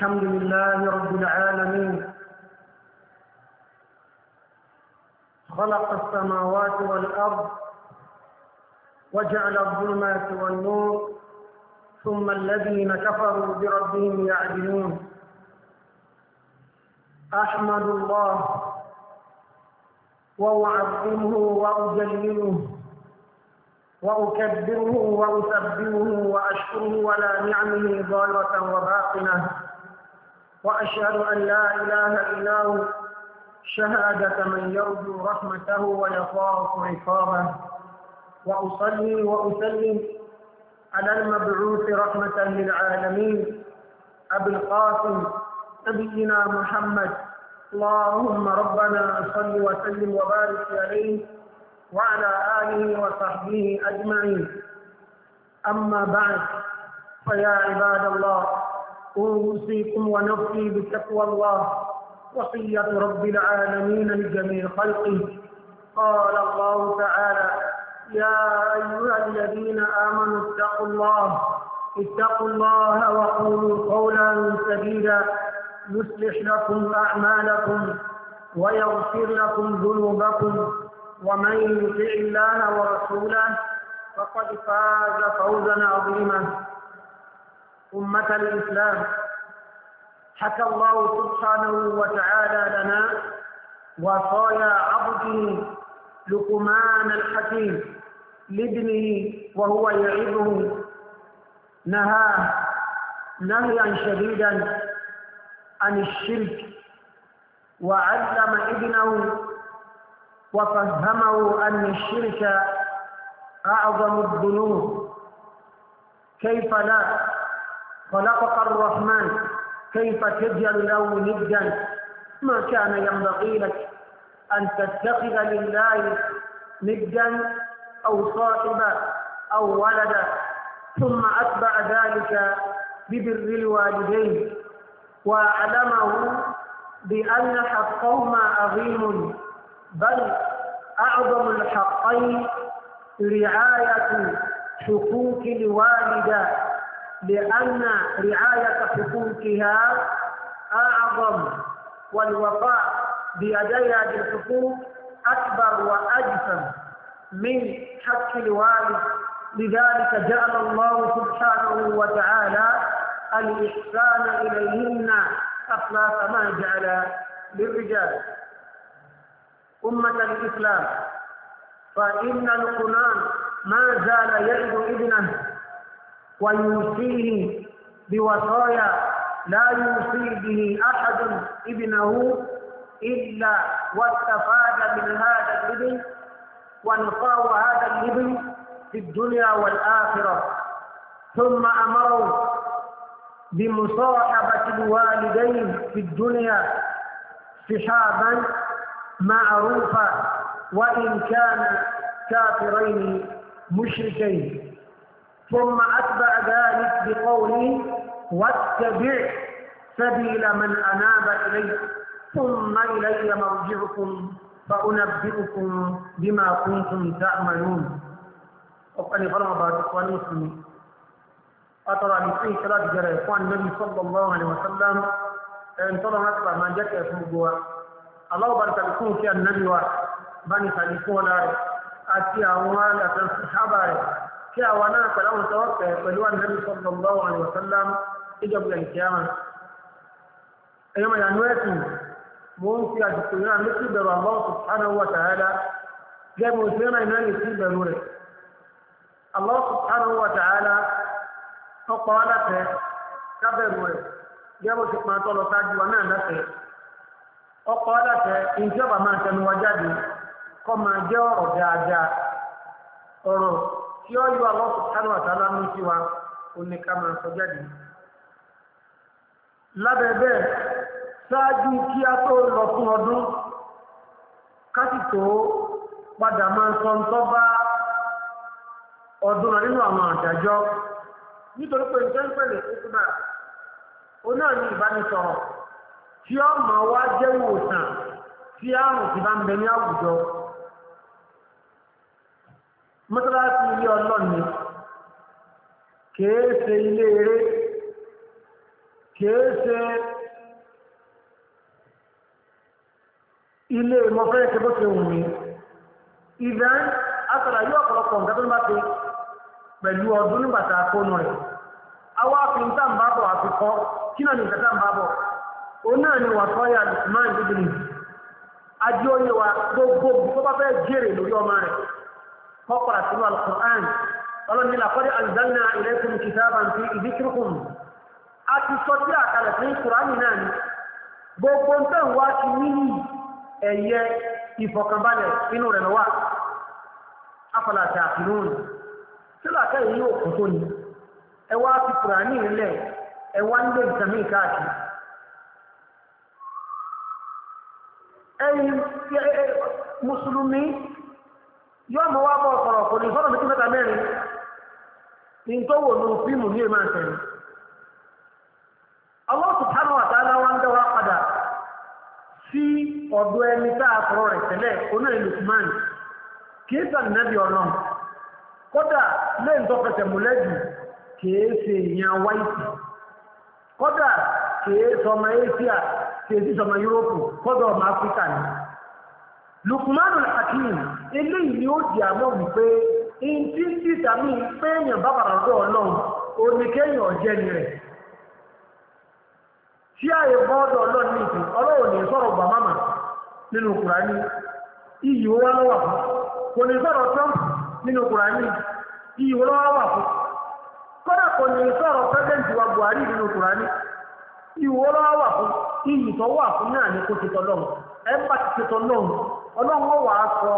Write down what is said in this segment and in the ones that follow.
الحمد لله رب العالمين خلق السماوات والأرض وجعل الظلمات والنور ثم الذين كفروا بربهم يعدلون أحمد الله وأعظمه وأجلله وأكبره وأسبره وأشكره ولا نعمه ظاهرة وباطنة وأشهد أن لا إله إلا هو شهادة من يرجو رحمته ويخاف عقابه وأصلي وأسلم على المبعوث رحمة للعالمين أبي القاسم نبينا محمد اللهم ربنا صل وسلم وبارك عليه وعلى آله وصحبه أجمعين أما بعد فيا عباد الله أوصيكم ونفسي بتقوى الله وصية رب العالمين لجميع خلقه قال الله تعالى يا أيها الذين آمنوا اتقوا الله اتقوا الله وقولوا قولا سديدا يصلح لكم أعمالكم ويغفر لكم ذنوبكم ومن يطع الله ورسوله فقد فاز فوزا عظيما أمة الإسلام حكى الله سبحانه وتعالى لنا وصايا عبده لقمان الحكيم لابنه وهو يعظه نهاه نهيا شديدا عن الشرك وعلم ابنه وفهمه أن الشرك أعظم الذنوب كيف لا خلقك الرحمن كيف تجعل له ندا ما كان ينبغي لك أن تتخذ لله ندا أو صاحبا أو ولدا ثم أتبع ذلك ببر الوالدين وأعلمه بأن حقهما عظيم بل أعظم الحقين رعاية حقوق الوالدة لأن رعاية حقوقها أعظم والوفاء بيديها بالحقوق أكبر وأجسم من حق الوالد لذلك جعل الله سبحانه وتعالى الإحسان إليهن أخلاق ما جعل للرجال أمة الإسلام فإن القرآن ما زال يعد ابنه ويوصيه بوصايا لا يوصي به أحد ابنه إلا واستفاد من هذا الابن ونفاه هذا الابن في الدنيا والآخرة ثم أمره بمصاحبة الوالدين في الدنيا صحابا معروفا وإن كان كافرين مشركين ثم أتبع ذلك بقوله واتبع سبيل من أناب إلي ثم إلي مرجعكم فأنبئكم بما كنتم تعملون وقال غرم بعد إخوان المسلمين أترى لسي ثلاث جرى إخوان النبي صلى الله عليه وسلم إن ترى نتبع ما جاك يسمى الله بارك لكم في النبي واحد بني خليفه لاري أتي أموال أتنسي الصحابه kí àwa náà pẹ̀lú àwọn tọ́wọ́ pẹ̀ pẹ̀lú ànábì sallallahu na wasallam ìjọba ìkíyàmà ẹ̀yọ́mọ̀ ìyànú ẹ̀sìn mo ń fi àsìkò náà létí ìbẹ̀rù Allah subhanahu wa ta'ala gẹ́gẹ́ mo ṣe rìn náà létí ìbẹ̀rù rẹ̀ Allah subhanahu ọ̀pọ̀ tí ó yọ Allah subhanahu wa ní sí wa ó ní ká máa sọ jáde. lábẹ́ bẹ́ẹ̀ ṣáájú kí a tó lọ fún ọdún ká sì tó padà máa sọ ń tọ́ bá ọdún rẹ̀ nínú àwọn àdájọ́ nítorí pé ìjọ ń pẹ̀lẹ̀ ìtura ó náà ní ìbánisọ̀rọ̀ tí ó máa wá jẹ́ ìwòsàn tí àrùn ti bá ń bẹ ní àwùjọ. mọ́sálásí ilé ọlọ́ni kìí ṣe ilé eré kìí ṣe ilé mọ́fẹ́ ṣebóṣe wùmí ìdán àtàrà yóò ọ̀pọ̀lọpọ̀ nǹkan tó ń bá ti pẹ̀lú ọdún nígbàtà àkóónú rẹ̀ awọ́ àfihàn àfikọ́ kí náà ní ìgbà tàbábọ̀ náà ni wà sọ́yà lùsùmáà ìdíjìnì ajíóyè wa gbogbo tó bá fẹ́ jèrè lórí ọmọ rẹ̀ فقرة سنوى القرآن قالوا إن لقد أنزلنا إليكم كتابا في ذكركم أتستطيع كالتنين قرآننا بوكونتا واتي مني ẹ̀yẹ ìfọ̀kànbalẹ̀ inú rẹ̀ lọ́wà afọlàtà àfihàn sílàkẹ́ èyí òkun tó ní ẹwà ti kùrà ní ilẹ̀ ẹwà ń lè ìtàmì káàkiri ẹ̀yìn mùsùlùmí yóò mọ wá bọ́ sọ̀rọ̀ kò ní sọ̀rọ̀ ní kíkẹ́ta mẹ́rin ní tó wò ní fíìmù ní èèmà sẹ́yìn. Allah subhanahu wa ta'ala wá ń dá wa padà sí ọ̀dọ̀ ẹni tá a sọ̀rọ̀ rẹ̀ tẹ́lẹ̀ oná Lukman kìí sànàbí ọ̀nà kódà lẹ́yìn tó fẹsẹ̀ mọ̀lẹ́jù kìí ṣe ìyàn wáìtì kódà kìí sọmọ Asia kìí sọmọ Yúróòpù kódà ọmọ Áfíríkà ni Lukmanul Hakim eléyìí ni ó di àmọ́ wípé ìdí títà mi pé èèyàn bá bàrà rọ̀ ọlọ́run oníkéèyàn ọ̀jẹ́ ni rẹ̀ tí àyè bọ́ọ̀dọ̀ ọlọ́run ní ìsìn ọlọ́run ní sọ̀rọ̀ nínú iyì lọ́wọ́ fún kò ní sọ̀rọ̀ trump nínú kùránì iyì owó lọ́wọ́ fún kò ní wa buhari nínú iyì lọ́wọ́ fún iyì tó wà fún náà ní kó ti tọ́ lọ́run ẹ ọlọ́run wà á sọ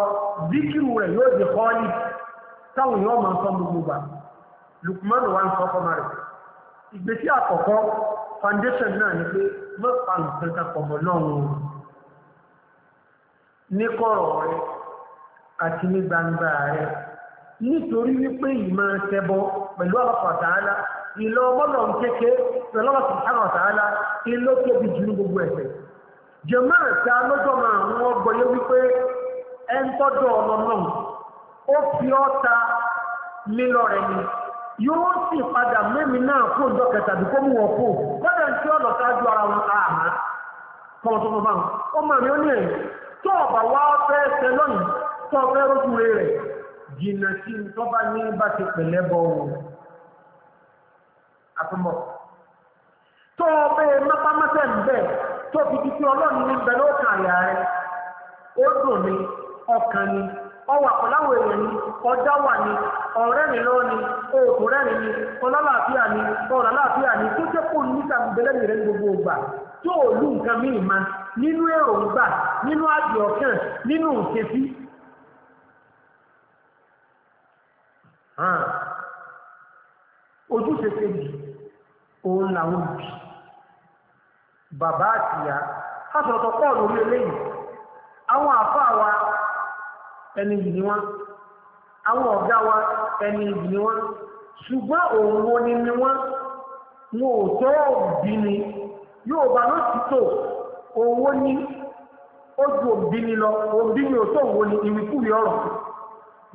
díkìrù rẹ̀ yóò di họ́ọ̀lì táwọn èèyàn máa ń sọ gbogbo gbà Lukman wà ń sọ fọmọ rẹ̀ ìgbésí àkọ́kọ́ foundation náà ni pé mọ́pa nǹkan kakọ̀mọ́ lọ́rùn ní kọ̀rọ̀ rẹ̀ àti ní gbangba rẹ̀ nítorí wípé ìmọ̀ ṣẹbọ pẹ̀lú ọlọ́pàá tààlà ìlọ ọmọlọ́run kéke pẹ̀lú ọlọ́pàá tààlà ìlọ tóbi jù ní gbogbo ẹ̀sẹ̀ jẹ̀máà ta lọ́jọ́ máa ń wọ́n gbọ́yé wípé ẹ ń tọ́jú ọ̀nà náà ó fi ta lílọ ọrịa ni yóò sì padà mẹ́mi náà fún ọjọ́ kẹta bí mú wọn fò gbọ́dọ̀ tí ọ̀nà ṣáájú ara wọn àmà kọ́ tó fún báwọn ó máa ó tóbi bí pé ọlọ́run ní bẹ lọ́kàn àyà rẹ ó dùn ní ọkàn ni ọwọ́ àpọ̀láwọ̀ èèyàn wà ní ọ̀rẹ́ mi lọ́wọ́ ni oògùn rẹ̀ mi ni ọlọ́láàfíà ni ọ̀rọ̀láàfíà ni tó jẹ́ níta ìbẹ̀lẹ́mì rẹ̀ gbogbo ògbà tó ò lù bàbá àtìyá fásọ̀tọ̀ pọ̀ lórí eléyìí àwọn àfáà wa ẹni yìí ni wọ́n àwọn ọ̀gá wa ẹni yìí ni wọ́n ṣùgbọ́n òun wo ni ni wọ́n wọn ò tó òbí ni yóò bá ló ti tò owó ní ó ju òbí ni lọ òbí ò tó òwò ni ìwìkúwì ọ̀rọ̀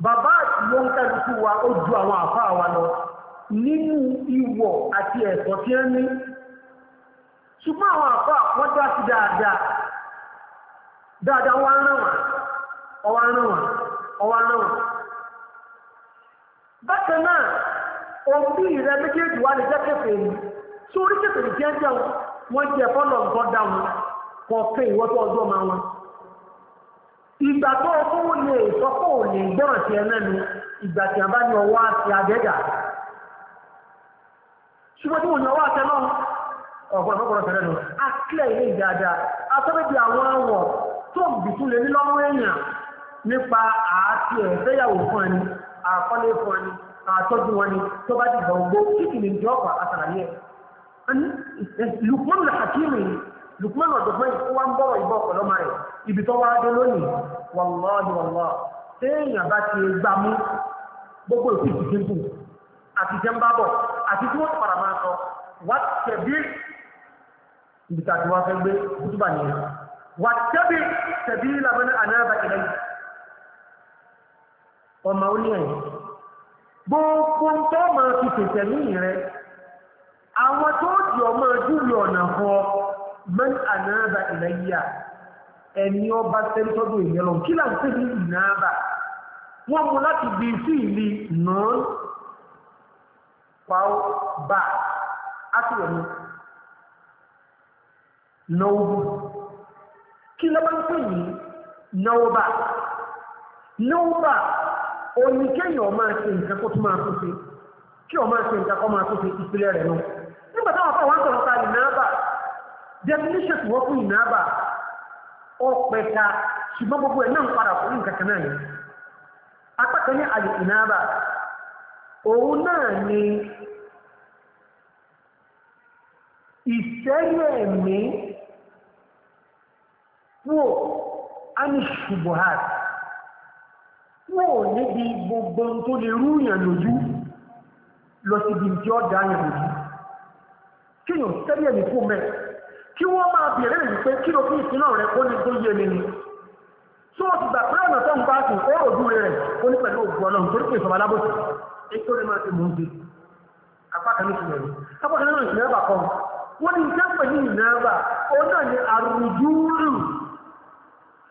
bàbá àti ló ń kẹ́lùkù wa ó ju àwọn àfáà wa lọ nínú ìwọ̀ àti ẹ̀sọ́ tí ẹ ní ṣùgbọ́n àwọn àbá wọ́n dá sí dáadáa dáadáa wọ́n á ràn ọwọ́ á ràn ọwọ́ á ràn bákan náà òbí rẹ méjèèjì wà lè jẹ́ kẹfẹ́ yìí kẹfẹ́ yìí jẹ́ wọ́n fọ́lọ̀ nǹkan dá wọn kọ́ ọjọ́ máa wọn. ìgbà tó o fún lè sọ pé ò a bá ní ọwọ́ ọ̀pọ̀lọpọ̀lọ fẹ́rẹ́ lọ akílẹ̀ ilé ìdáadáa asọ́bẹ̀bí àwọn ọwọ̀ tó bì tún lè ní lọ́wọ́ èèyàn nípa àti ẹ̀fẹ́yàwó fún ẹni àkọlé fún ẹni àtọ́jú wọn ni tó bá dìgbà ogbó kíkì ní ìjọba àtàlàyé Lukman Hakimi Lukman ọ̀dọ̀gbọ́n yìí wá ń bọ̀rọ̀ ìbọ̀ ọ̀pọ̀lọ́mọ rẹ̀ ibi tó wá dé lónìí wàlláhi wàlláhi téèyàn bá ti gbà mú gbogbo ìpín ìdíjú àti jẹ́ ń bá bọ̀ àti tí wọ́n ti padà máa sọ wá tẹ̀bí níbi tá a ti wá fẹ́ gbé kútùbà nìyẹn wà tẹ́bi tẹ̀bí làbẹ́ni ànáàbà ìlẹ̀ ọmọ oní ẹ̀yìn gbogbo tó máa fi tètè ní ìrẹ àwọn tó di ọmọ júlù ọ̀nà họ mẹ́ni ànáàbà ìlẹ̀ yíyà ẹni ọba sẹ́ńtọ́dù ìyẹn lọ kí là ń pè ní ìnáàbà wọ́n mú láti bí sí ìlú nù pàó bá a ti wọ̀ ní. náwó kí ló bá ń pè ní náwóbà náwóbà òní kéèyàn ọmọ ṣe nǹkan kó tún máa tún ṣe kí ọmọ ṣe nǹkan kó máa tún ṣe ìpìlẹ̀ rẹ̀ náà nígbà táwọn afọ àwọn sọ̀rọ̀ definition wọ́n fún ṣùgbọ́n gbogbo ẹ̀ náà ń padà fún nǹkan kan náà ni ní àlè òun náà ni kúò ánì ṣubuhat kúò níbi gbogbo tó lè rúyàn lójú lọ sí ibi tí ó dá yàn lójú kí yóò tẹ́lẹ̀ ẹ̀mí fún mẹ́ kí wọ́n máa bèèrè rẹ̀ wípé kí ló fi ìsinà rẹ̀ kó ní tó yé ni ni tí wọ́n ti gbà pé ọ̀nà tó ń bá sùn ó rò dúró rẹ̀ ó ní pẹ̀lú ògùn ọlọ́run torí pé ìsọ̀rọ̀ alábòsí ètò rẹ̀ máa ti mú un gbé apá kan rẹ̀ apá kan rẹ̀ bà kan wọ́n ní ìjẹ́pẹ̀ ní ìnáwà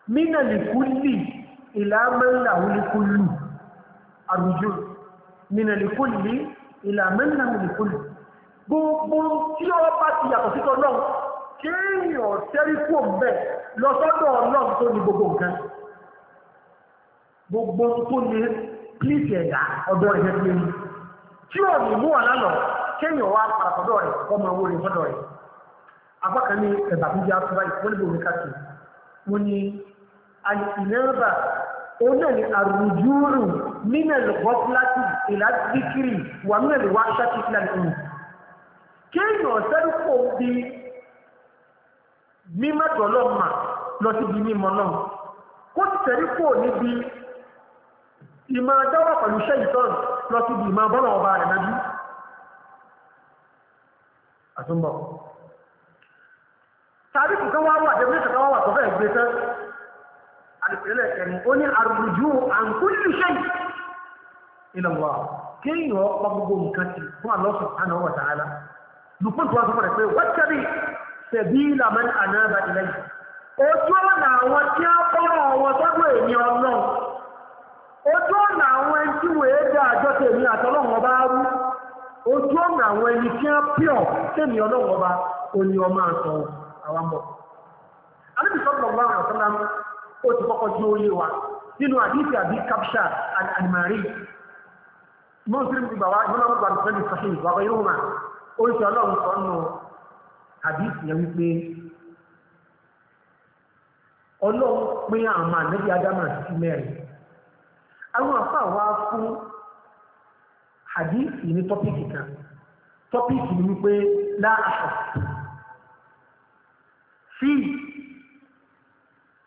mínà lèkúlì ìlàmẹ́là lèkúlù àrùjù mínà lèkúlì ìlàmẹ́là lèkúlù gbogbo tí ọ bá ti yàtọ̀ sí tọ́lọ́ kéèyàn tẹ́ríkù ọ̀bẹ lọ́sọ́dọ̀ ọlọ́run tó ní gbogbo nǹkan gbogbo tó ní pílíìtì ẹ̀dá ọ̀dọ́ rẹ̀ jẹ́ tí ò ní mú wà lálọ́ kéèyàn wá parapọ̀dọ̀ rẹ̀ ọmọ owó rẹ̀ sọ́dọ̀ rẹ̀ apákan ní ẹ̀bà tó jẹ́ àtúbáyé wọ́n ní káàkiri wọ́n ní alìsìnàbà òun náà ni àrùjúrù mínàlì gọ́fúlátì ìlàdíkiri wà mínàlì wá ṣákìtìlá nìyí kéèyàn sẹ́rùpọ̀ bí mímọ́tọ̀lọ́ mà lọ síbi mímọ́ náà kó ti sẹ́rùpọ̀ níbi ìmọ̀ adáwà pẹ̀lú iṣẹ́ ìtọ́nù lọ síbi ìmọ̀ bọ́lá ọba rẹ̀ nájú àtúnbọ̀ tàbí kùkọ́ wá wà dẹ́gbẹ́sẹ̀ kan wá wà tó fẹ́ gbé tán àtìlẹ̀ ẹ̀mú ó ní àrùjú àǹkúlù ṣe ìlànà kéèyàn ọ̀pá gbogbo nǹkan ti fún Allah subhanahu wa ta'ala tó wá sọ fọ́nà pé wọ́n tẹ̀lé ìlànà àwọn tí a bọ́rọ̀ àwọn otu èmi ọlọ́run ojú ọ̀nà àwọn ẹni tí wèé dá àjọ tèmi àtọ́lọ́run ọmọ àwọn ó ti kọ́kọ́ tí ó yé wa nínú àdíṣì àbí kapsha àdìmárì mọ́sílẹ̀ ti gbàwá ìwọ́n náà gbàdúrà pẹ̀lú sọ́ṣìn ìwàkọ̀ yóò mà ó ń sọ ọlọ́run sọ nù àdíṣì yẹn wípé ọlọ́run pín àwọn ànábì ádámà sí mẹ́rin àwọn àfà wa fún àdíṣì ní tọ́pìkì kan tọ́pìkì ni wípé láàṣà fíì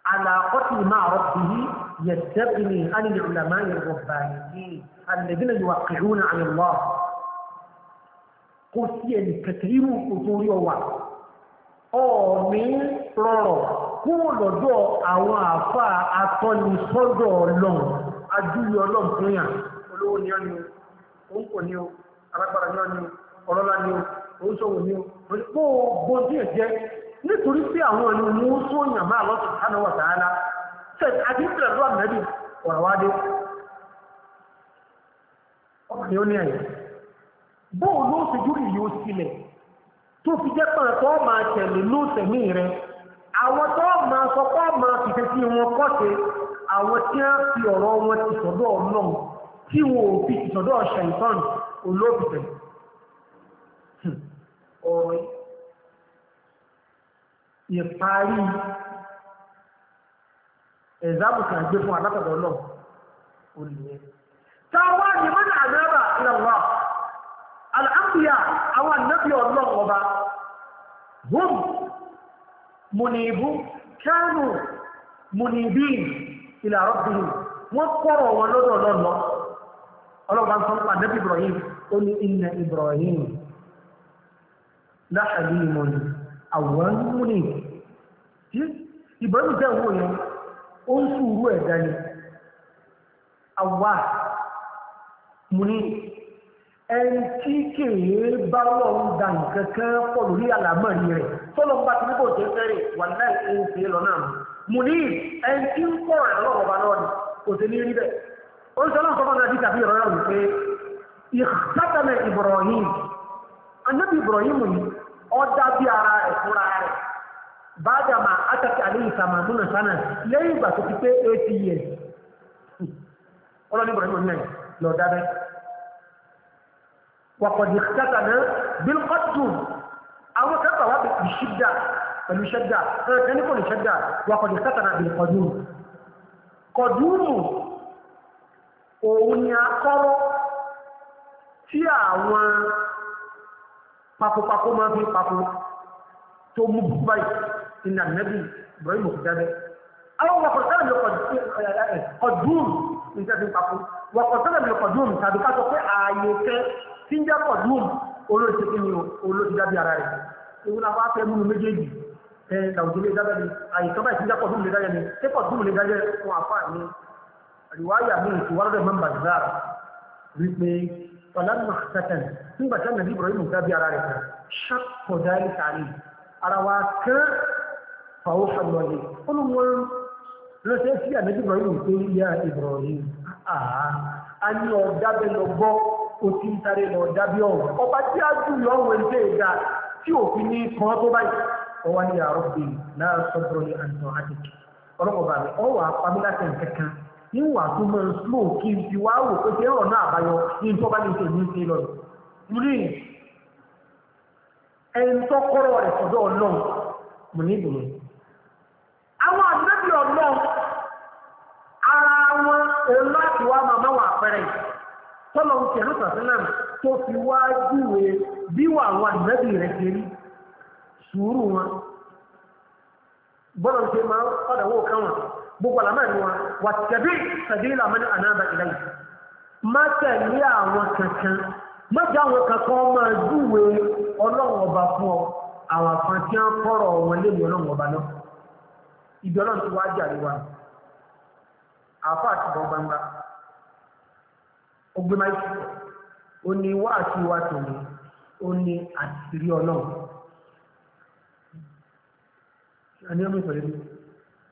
علاقتي مع ربه يستغني عن العلماء الربانيين الذين يوقعون عن الله قلت يعني كثير قصور يوم ọ̀ọ̀mí rọrọ̀ kúrò lọ́dọ̀ àwọn àfà atọ́nisọ́dọ̀ ọlọ́run ajúwe ọlọ́run fún yàn olówó ni ọ́ ni o ń kò ní o alágbára ni ọ́ ni o ọlọ́lá ni o oúnṣòwò ni o gbogbo tí ẹ̀ jẹ́ nítorí pé àwọn ẹni mú tó yàn máa lọ subhanahu wa ta'ala ṣe àdínkù ẹ̀rọ àmẹ́bí ọ̀rọ̀wádé ọkùnrin ó ní ẹ̀yẹ bóun ló fi júrì yóò sílẹ̀ tó fi jẹ́ pẹ̀lú tó máa tẹ̀lé ló tẹ̀mí rẹ àwọn tó máa sọ pé máa fìfẹ́ sí wọn kọ́ṣe àwọn tí wọ́n fi ọ̀rọ̀ wọn ti sọ̀dọ̀ ọlọ́run tí wọn ò fi ti sọ̀dọ̀ ṣẹ̀ǹtọ́n olóòfìfẹ́ ọ̀rọ̀ yìí ìparí ẹ̀záàmù kan gbé fún alákọ̀ọ́dọ̀ náà ó nìyẹn. táwa ni wọn náà lẹ́rà ìlànà àlàáfíà àwọn ànábì ọlọ́run ọba hum mùnìbù kánù mùnìbì ila rabbihim wọ́n kọ́rọ̀ wọn lọ́dọ̀ lọ́nà ọlọ́gbà ń sọ nípa ànábì Ibrahim ó ní inna Ibrahim láhàlì ìmọ̀ nìyí àwòrán mú ní tí ìbọ̀rẹ́mù tẹ́ wò yẹn ó ń sùúrù ẹ̀dá ni àwa mú ní ẹni tí kèé bá lọ́n da nǹkan kan pọ̀ lórí àlámọ̀rí rẹ̀ tọ́lọ́ bá ti níbò jẹ́ fẹ́rẹ̀ wà láì ó ń fi Ibrahim anábì Ibrahim yìí ọ̀dà bí ara rẹ̀ fúnra rẹ̀ bájà máa àtàkì àlẹ́ ìsàmà múnà sánà lẹ́yìn ìgbà tó ti pé eighty years ọlọ́ni ibrahim náà lọ dábẹ́ wàkọ̀dì kẹta náà bí kọ́tù àwọn kẹta wà bí ṣídà pẹ̀lú ṣẹ́dà ẹ̀ẹ́dẹ́ ní kò ní ṣẹ́dà wàkọ̀dì kẹta náà bí kọ̀dùmù kọ̀dùmù òun ni akọ́rọ́ tí àwọn papopapó máa fi papò tó mú báyìí ìnà nẹ́bí Ibrahim òkúdàbẹ́ àwọn wọ̀kọ̀ sẹ́lẹ̀ mi ọ̀dùn nígbà tí papò wọ̀kọ̀ sẹ́lẹ̀ mi ọ̀dùn tàbí ká sọ pé ààyè kẹ́ tí ń jẹ́ ọ̀dùn olóòtú kí ni olóòtú dábì ara rẹ̀ ewu náà wá fẹ́ múnu méjèèjì ẹ làwùjọ lè dábẹ́ ni àyè tó báyìí tí ń jẹ́ ọ̀dùn lè dáyẹ ni ṣé ọ̀dùn lè dáyẹ fún àfáà ni àríwáyà mi ìtìwárọ̀ mẹ́mbà ìzára wípé ọ̀lànà sẹ́tẹ̀ǹtì nígbà tí ànàbí Ibrahim dábí ara rẹ̀ kan ṣàpọ̀ dárí sàárì ara wa kán fàwọ́ fàlọ́lẹ̀ ó ló wọ́n lọ́sẹ̀ sí ànàbí Ibrahim pé yá Ibrahim a ní ọ̀dábẹ́ lọ gbọ́ ó ti ń sáré lọ dábí ọ̀hún ọba tí a jù lọ wọ ilé ìgbà tí òfin ní kan tó báyìí ọwọ́ ní àárọ̀ pé náà sọ́dọ̀ ní àǹtọ̀ àtìkì ọlọ́kọ̀ọ́bà mi ọwọ́ àpamílàtẹ̀ kẹ̀kẹ́ níwà tó mọ̀ slow kí n ti wá wò pé ṣé ọ̀nà àbáyọ ní ìjọba ní ìṣèlú ń ṣe lọ́dún múlíì ẹni tọkọrọ kọ́rọ̀ rẹ̀ sọ́dọ̀ ọlọ́run mò ní àwọn àdébí ọlọ́run ara wọn òun láti wá màmá wà ń tó fi wá júwe bí wà àwọn àdébí rẹ̀ kiri sùúrù wọn bọ́lọ̀ ṣe máa ọ̀dà wò káwọn gbogbo àlámà ni wọn wà kankan mọ́tò àwọn kankan máa júwe ọlọ́run ọba fún ọ àwọn àfọn tí wọ́n kọ́rọ̀ wọn léwu ọlọ́run ọba náà ìbí ọlọ́run ti wá jàre wa àfa àti bọ́ gbangba ọgbẹ́ máa ń sọ ó ní wá àti wá tòun ó ní àtìrí ọlọ́run àní ọmọ ìfọ̀lẹ́bí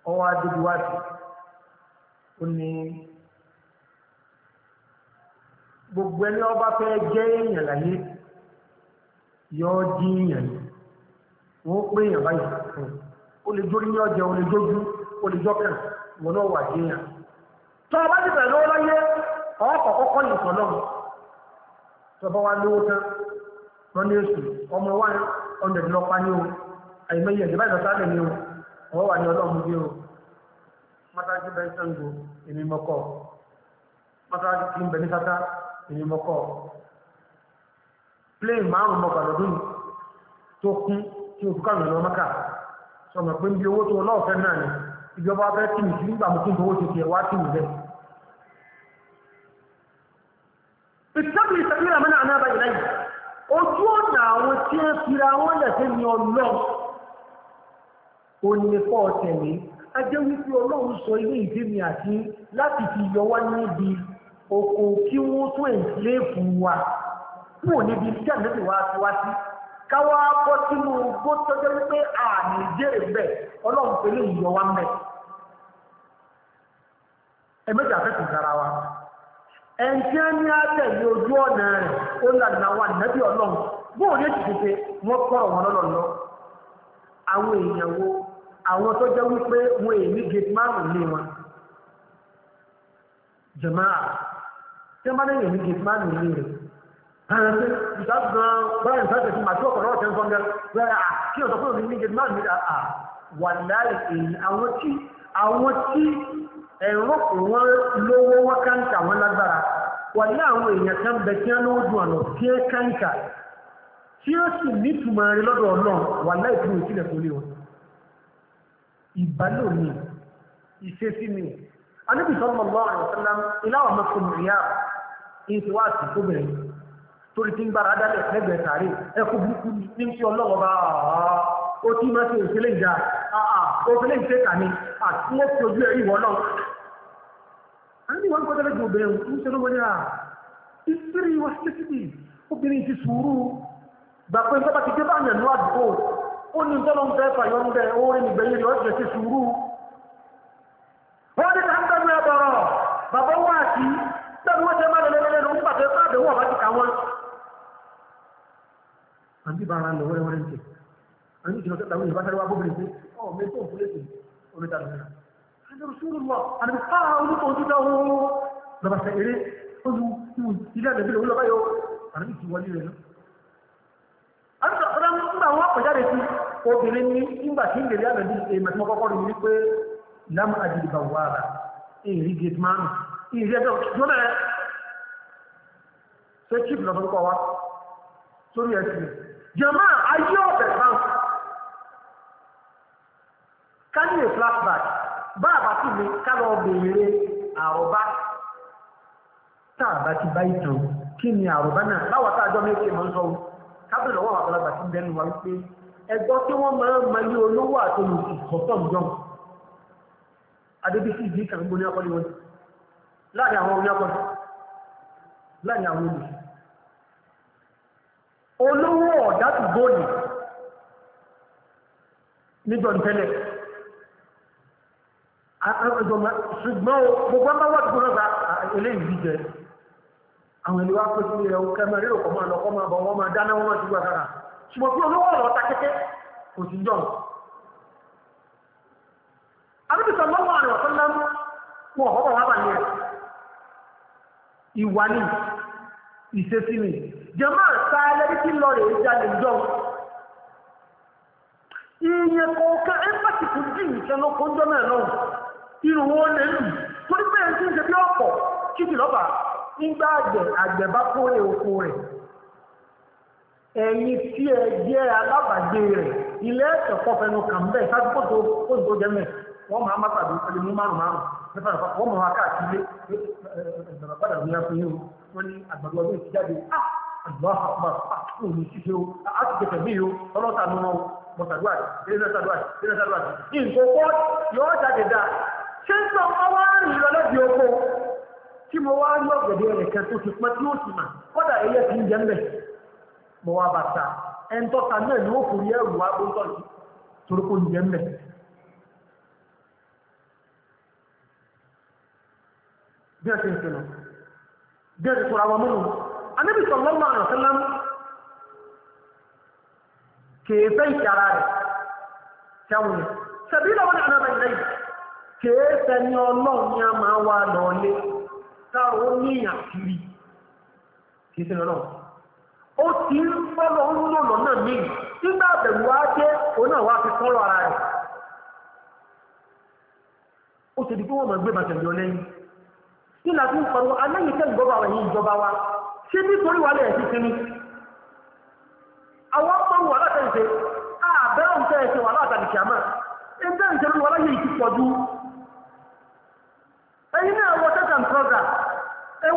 ọwọ́ adébíwájú ó ní gbogbo ẹni ọba fẹ́ jẹ́ èèyàn láyé yọ jí èèyàn wọn ó pé èèyàn báyìí o lè jórí ní ọjà ó lè jójú ó lè jọkàn wọn náà wà jẹ èèyàn tó ọba ti bẹ̀rẹ̀ lọ́wọ́ láyé ọkọ̀ kọ́kọ́ yìí sọ lọ́wọ́ tọba wa lówó tán wọn ní oṣù ọmọ wa ọ̀nà ìlọpa ní o àìmọye ẹ̀jẹ̀ báyìí lọ́sàálẹ̀ ní o ọwọ́ wà ní ọlọ́run bí o mọ́tàkì bẹ́ẹ̀ sẹ́ńgò èmi mọ́kọ́ mọ́tàkì kí n bẹ̀ ní sátá èyí mo kọ́ márùn-ún mọ́kà lọ́dún tó kún tí o kọ́ ìrìnà mọ́kà sọmọ pé níbi owó tó ọlọ́ọ̀fẹ́ náà ni ìjọba fẹ́ tì mí sí nígbà mo tún fowó tètè wá tì mí bẹ́ẹ̀. ìtọ́jú ìtọ́jú àmì náà náà báyìí lẹ́yìn ojú ọ̀nà àwọn tí ń fira wọn lẹ̀sẹ̀ ní ọlọ́ onífọ́ ọ̀tẹ̀lé ajẹ́ wípé ọlọ́run sọ ilé ìdí mi àti láti fi yọ wá níbi òkò kí wọ́n tún ẹ̀ǹtìlẹ́ẹ̀fù wa kúrò níbi tí àmì wa ti wá sí káwá bọ́ sínú bó tọ́jọ́ wípé wa wa ní àtẹ̀lé ojú ọ̀nà rẹ̀ ó lànà wa nẹ́bí ọlọ́run wọ́n kọ́rọ̀ wọn lọ́lọ́ lọ àwọn èèyàn wo àwọn tọ́jọ́ wípé wọn èmi gate márùn-ún wọn jẹ̀máà tí wọ́n bá lẹ́yìn omi gate man ní rẹ̀ ẹ̀rọ pé ìta gan báyìí nípa ìfẹ̀sùn màtí ọ̀pọ̀ lọ́rọ̀ tẹ́ńtọ́ ń bẹ bẹ́ẹ̀ à kí ọ̀sọ̀ fún omi ní gate man ní à wà láì èyí àwọn tí àwọn tí ẹ̀rọ wọn lówó wọn káńkà wọn lágbára wà ní àwọn èèyàn kan bẹ kí wọn lówó dùn ìṣe wá sí fóbìnrin torí tí ń gbára dálẹ̀ lẹ́gbẹ̀ẹ́ sàárè ẹkú burúkú ní ti ọlọ́wọ́ bá ó tí máa ṣe òṣèlè ìjà òṣèlè ìṣèkà ni àti wọ́n fi ojú ẹ̀rí ìwọ náà. a ní wọn gbọ́dọ̀ lẹ́gbẹ̀ẹ́ obìnrin ń ṣe lówó ní à ìṣírí wa ṣẹ́sìtì obìnrin ti sùúrù gbà pé nígbà tí débà yẹn ló àdúgbò ó ní tọ́lọ́ ń fẹ́ fàyọ́ ń bẹ ó rí nìgbẹ́yìn rẹ̀ ó jẹ́ ti sùúrù. wọ́n ní ká ń bẹ̀rù ẹ̀ bọ̀rọ̀ bàbá wà sí àti ẹgbẹ́ àdéhùn ọ̀bá ti kà wọ́n. àǹtí bá ara lọ wẹ́rẹ́wẹ́rẹ́ ń tẹ̀ àǹtí ìjìnà tẹ́tà wíyẹn bá sáré wá bóbulẹ̀ pé ọ̀ mẹ́tò òfúlẹ̀sì oríta lọ́nà. àti rùsùlù lọ àti káà olùkọ́ òtítọ́ wọn lọ́ba sẹ eré olú ilé àdébí lòun lọ́ba yọ àti ti wọlé rẹ̀ lọ. àti sọ̀rọ̀ nígbà wọn pẹ̀jáde sí obìnrin ní nígbà tí ìgbèrè àbẹ̀bí èèmọ̀ tí wọ́n kọ́kọ́ rí ni wípé lam àdìbà wàrà èèrí jọ́nà ṣé chief lọ fọ́nkọ́ wa sórí ẹ̀sìn jẹ̀mọ́ ayé ọ̀bẹ̀ náà ká ní a flashback bá àbá sí mi ká lọ béèrè àròbá tá a bá ti bá ìtàn kí ni àròbá náà láwọn tá a jọ méjì máa ń sọ kábìlì lọ́wọ́ àwọn àgbàlagbà ti bẹ́ẹ̀ nù wá wípé ẹgbọ́ tí wọ́n máa ń mọ ilé olówó àti olùkọ́tọ̀m jọ adébísí ìdí kan gbóni akọ́lé wọn láàrin àwọn oní akọ́lé láàrin àwọn olùsí olówó ọ̀dàdúgbò ni níjọ tẹ́lẹ̀ ṣùgbọ́n gbogbo ọmọ wà dúró lọ́gbà eléyìí jẹ àwọn ìlú wa sí ẹ̀ ọkọ ẹmẹ máa lọ máa bọ̀ wọ́n máa dáná wọ́n ti gbà ṣùgbọ́n olówó ọ̀rọ̀ ta kò sí jẹ̀mọ́ ta lẹ́bí tí lọ rèé jáde jọ iye kọ̀ọ̀kan ẹ bá ti kú dì nìkan ló kó ń jọ náà lọ́wọ́ irun wọn lè lù torí bẹ́ẹ̀ tí ń ṣe bí ọ̀pọ̀ títí lọ́ba nígbà àgbẹ̀ àgbẹ̀ bá kórè oko rẹ̀ ẹ̀yin tí ẹ jẹ́ alábàgbé rẹ̀ ilé ẹ̀sẹ̀ kọfẹnu kàn bẹ́ẹ̀ sáájú kó tó kó tó jẹ́ mẹ́ wọ́n máa má tàbí pẹ̀lú mú márùn márùn nípa ìfọwọ́ mọ̀ wá káàkiri lé ẹ̀ẹ́dọ̀rọ̀ padà ní afẹ́yìn wọn ní àgbàdo ọdún ìtìjáde ah àgbọ̀n àpá òní ṣíṣe o àti kẹfẹ́ mi o ọlọ́ta ló wọn mo ṣàdúrà sí ilé ṣàdúrà sí ilé ṣàdúrà sí. nǹkan kọ́ yọ̀ọ́ jáde dáa ṣé ń sọ ọmọ wa ń rìn lọ lẹ́bi oko tí mo wá ní ọ̀gẹ̀dẹ̀ ẹnìkan tó ti pẹ́ tí ó sì mà kọ́dà ẹyẹ ti ń jẹ́ ńlẹ̀ mo wá bàtà ẹ̀ńtọ́ta náà ni ó kùn yẹ́ ẹ̀rù wá gbóńtọ́ yìí torí kò ní jẹ́ ńlẹ̀. anábì sallallahu alaihi wasallam kèé fẹ́ ìṣàrà rẹ̀ sẹ́wọ̀n ni sẹ̀bí lọ́wọ́ ní anábì lẹ́yìn ọlọ́run ní a máa wà lọ́ọ́lé ní ìyàn kìí sẹ́ni ọlọ́run ó ti ń ń lò lọ́nà míì nígbà bẹ̀rù wá jẹ́ òun náà wá fi ara rẹ̀ ó ti di gbé bàtẹ̀ lọ lẹ́yìn nígbà tí ń ṣé na wàhálà ẹ̀ ti sinmi àwọn ọmọ wù aláta ìṣe àbẹ́rẹ́ wà láta àmà ẹ̀ṣẹ̀ ìṣẹ̀ wà láyé ìtì pọ̀jù ẹ̀yin náà wọ tẹ́tà ń tọ́jà ẹ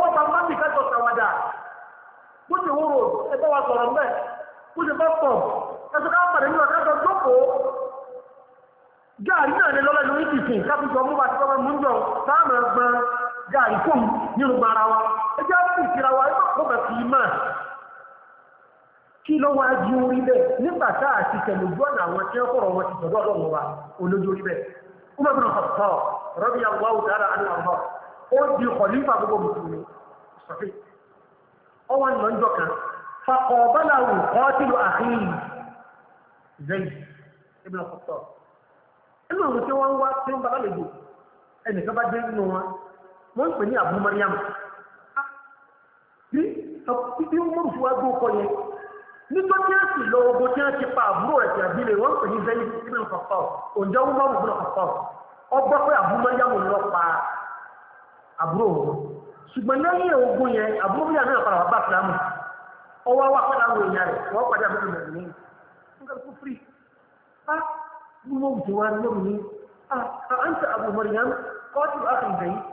nínú ara wa ẹjẹ́ àpò ìsira wa ẹ má kó bẹ̀ fi mọ̀ kí ló wá ju orí bẹ́ẹ̀ nígbà tá a ti tẹ̀lé ojú ọ̀nà àwọn tí ó kọ̀rọ̀ wọn ti tọ̀dọ̀ ọlọ́run wa olójú orí bẹ́ẹ̀ ó má bẹ̀rẹ̀ fọ̀tọ̀ rọ́bì àwọn ọ̀dára àti àwọn tí lo àhín zayi tí wọ́n wá tí wọ́n bá ẹnìkan bá dé nínú wọn wọ́n ń pè ní Abu Mariam ah, bí bí Umaru fún wa gbókọ yẹn nígbà tí a sì lọ ogun tí a ti pa àbúrò rẹ̀ tí a bí lè wọ́n ń pè ní zeli kílùú kọ̀ọ̀kọ̀ òǹjẹ́ Umaru fún ọ̀kọ̀ọ̀kọ̀ ọgbọ́ pé Abu Mariam lọ pa àbúrò wọn ṣùgbọ́n lẹ́yìn ogun yẹn àbúrò yà náà padà wà bá fìlámù ọwọ́ wa padà wọ èèyàn rẹ̀ wọ́n padà ah, bí lè ní nǹkan ah, a bí wọ́n a àǹtà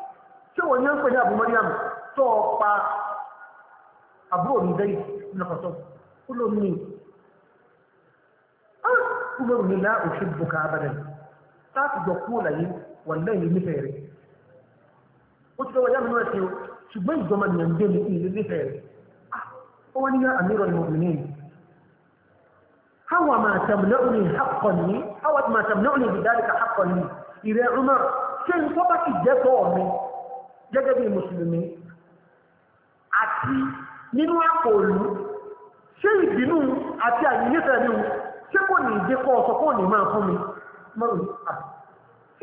tí wọ́n yẹn ń pè ní Abu Maryam tó pa àbúrò ní bẹ́yì lọ́kọ̀tọ̀ ó ló ní Umaru ní láà òṣèlú bùkà abadan láti jọ kúrò láyé wọ́n lẹ́yìn nífẹ̀ẹ́ rẹ̀ ó ti lọ́wọ́ yá mi náà ṣe o ṣùgbọ́n ìjọba ni ẹ̀mí gbẹ́mi ní nífẹ̀ẹ́ rẹ̀ ó wọ́n ní yá àmírọ̀ ni mọ̀mí ní hawa ma tamna'uni haqqan ni hawa ma tamna'uni bidhalika haqqan ni ìrẹ́ Umar ṣé n tó bá ti jẹ́ mi gẹ́gẹ́ bí mùsùlùmí àti nínú àpò òlù ṣé ìbínú àti àyíyẹ́fẹ́ mi ṣé kò ní ìdí kọ́ ọ̀sọ́ kò ní máa fún mi mọ́rùn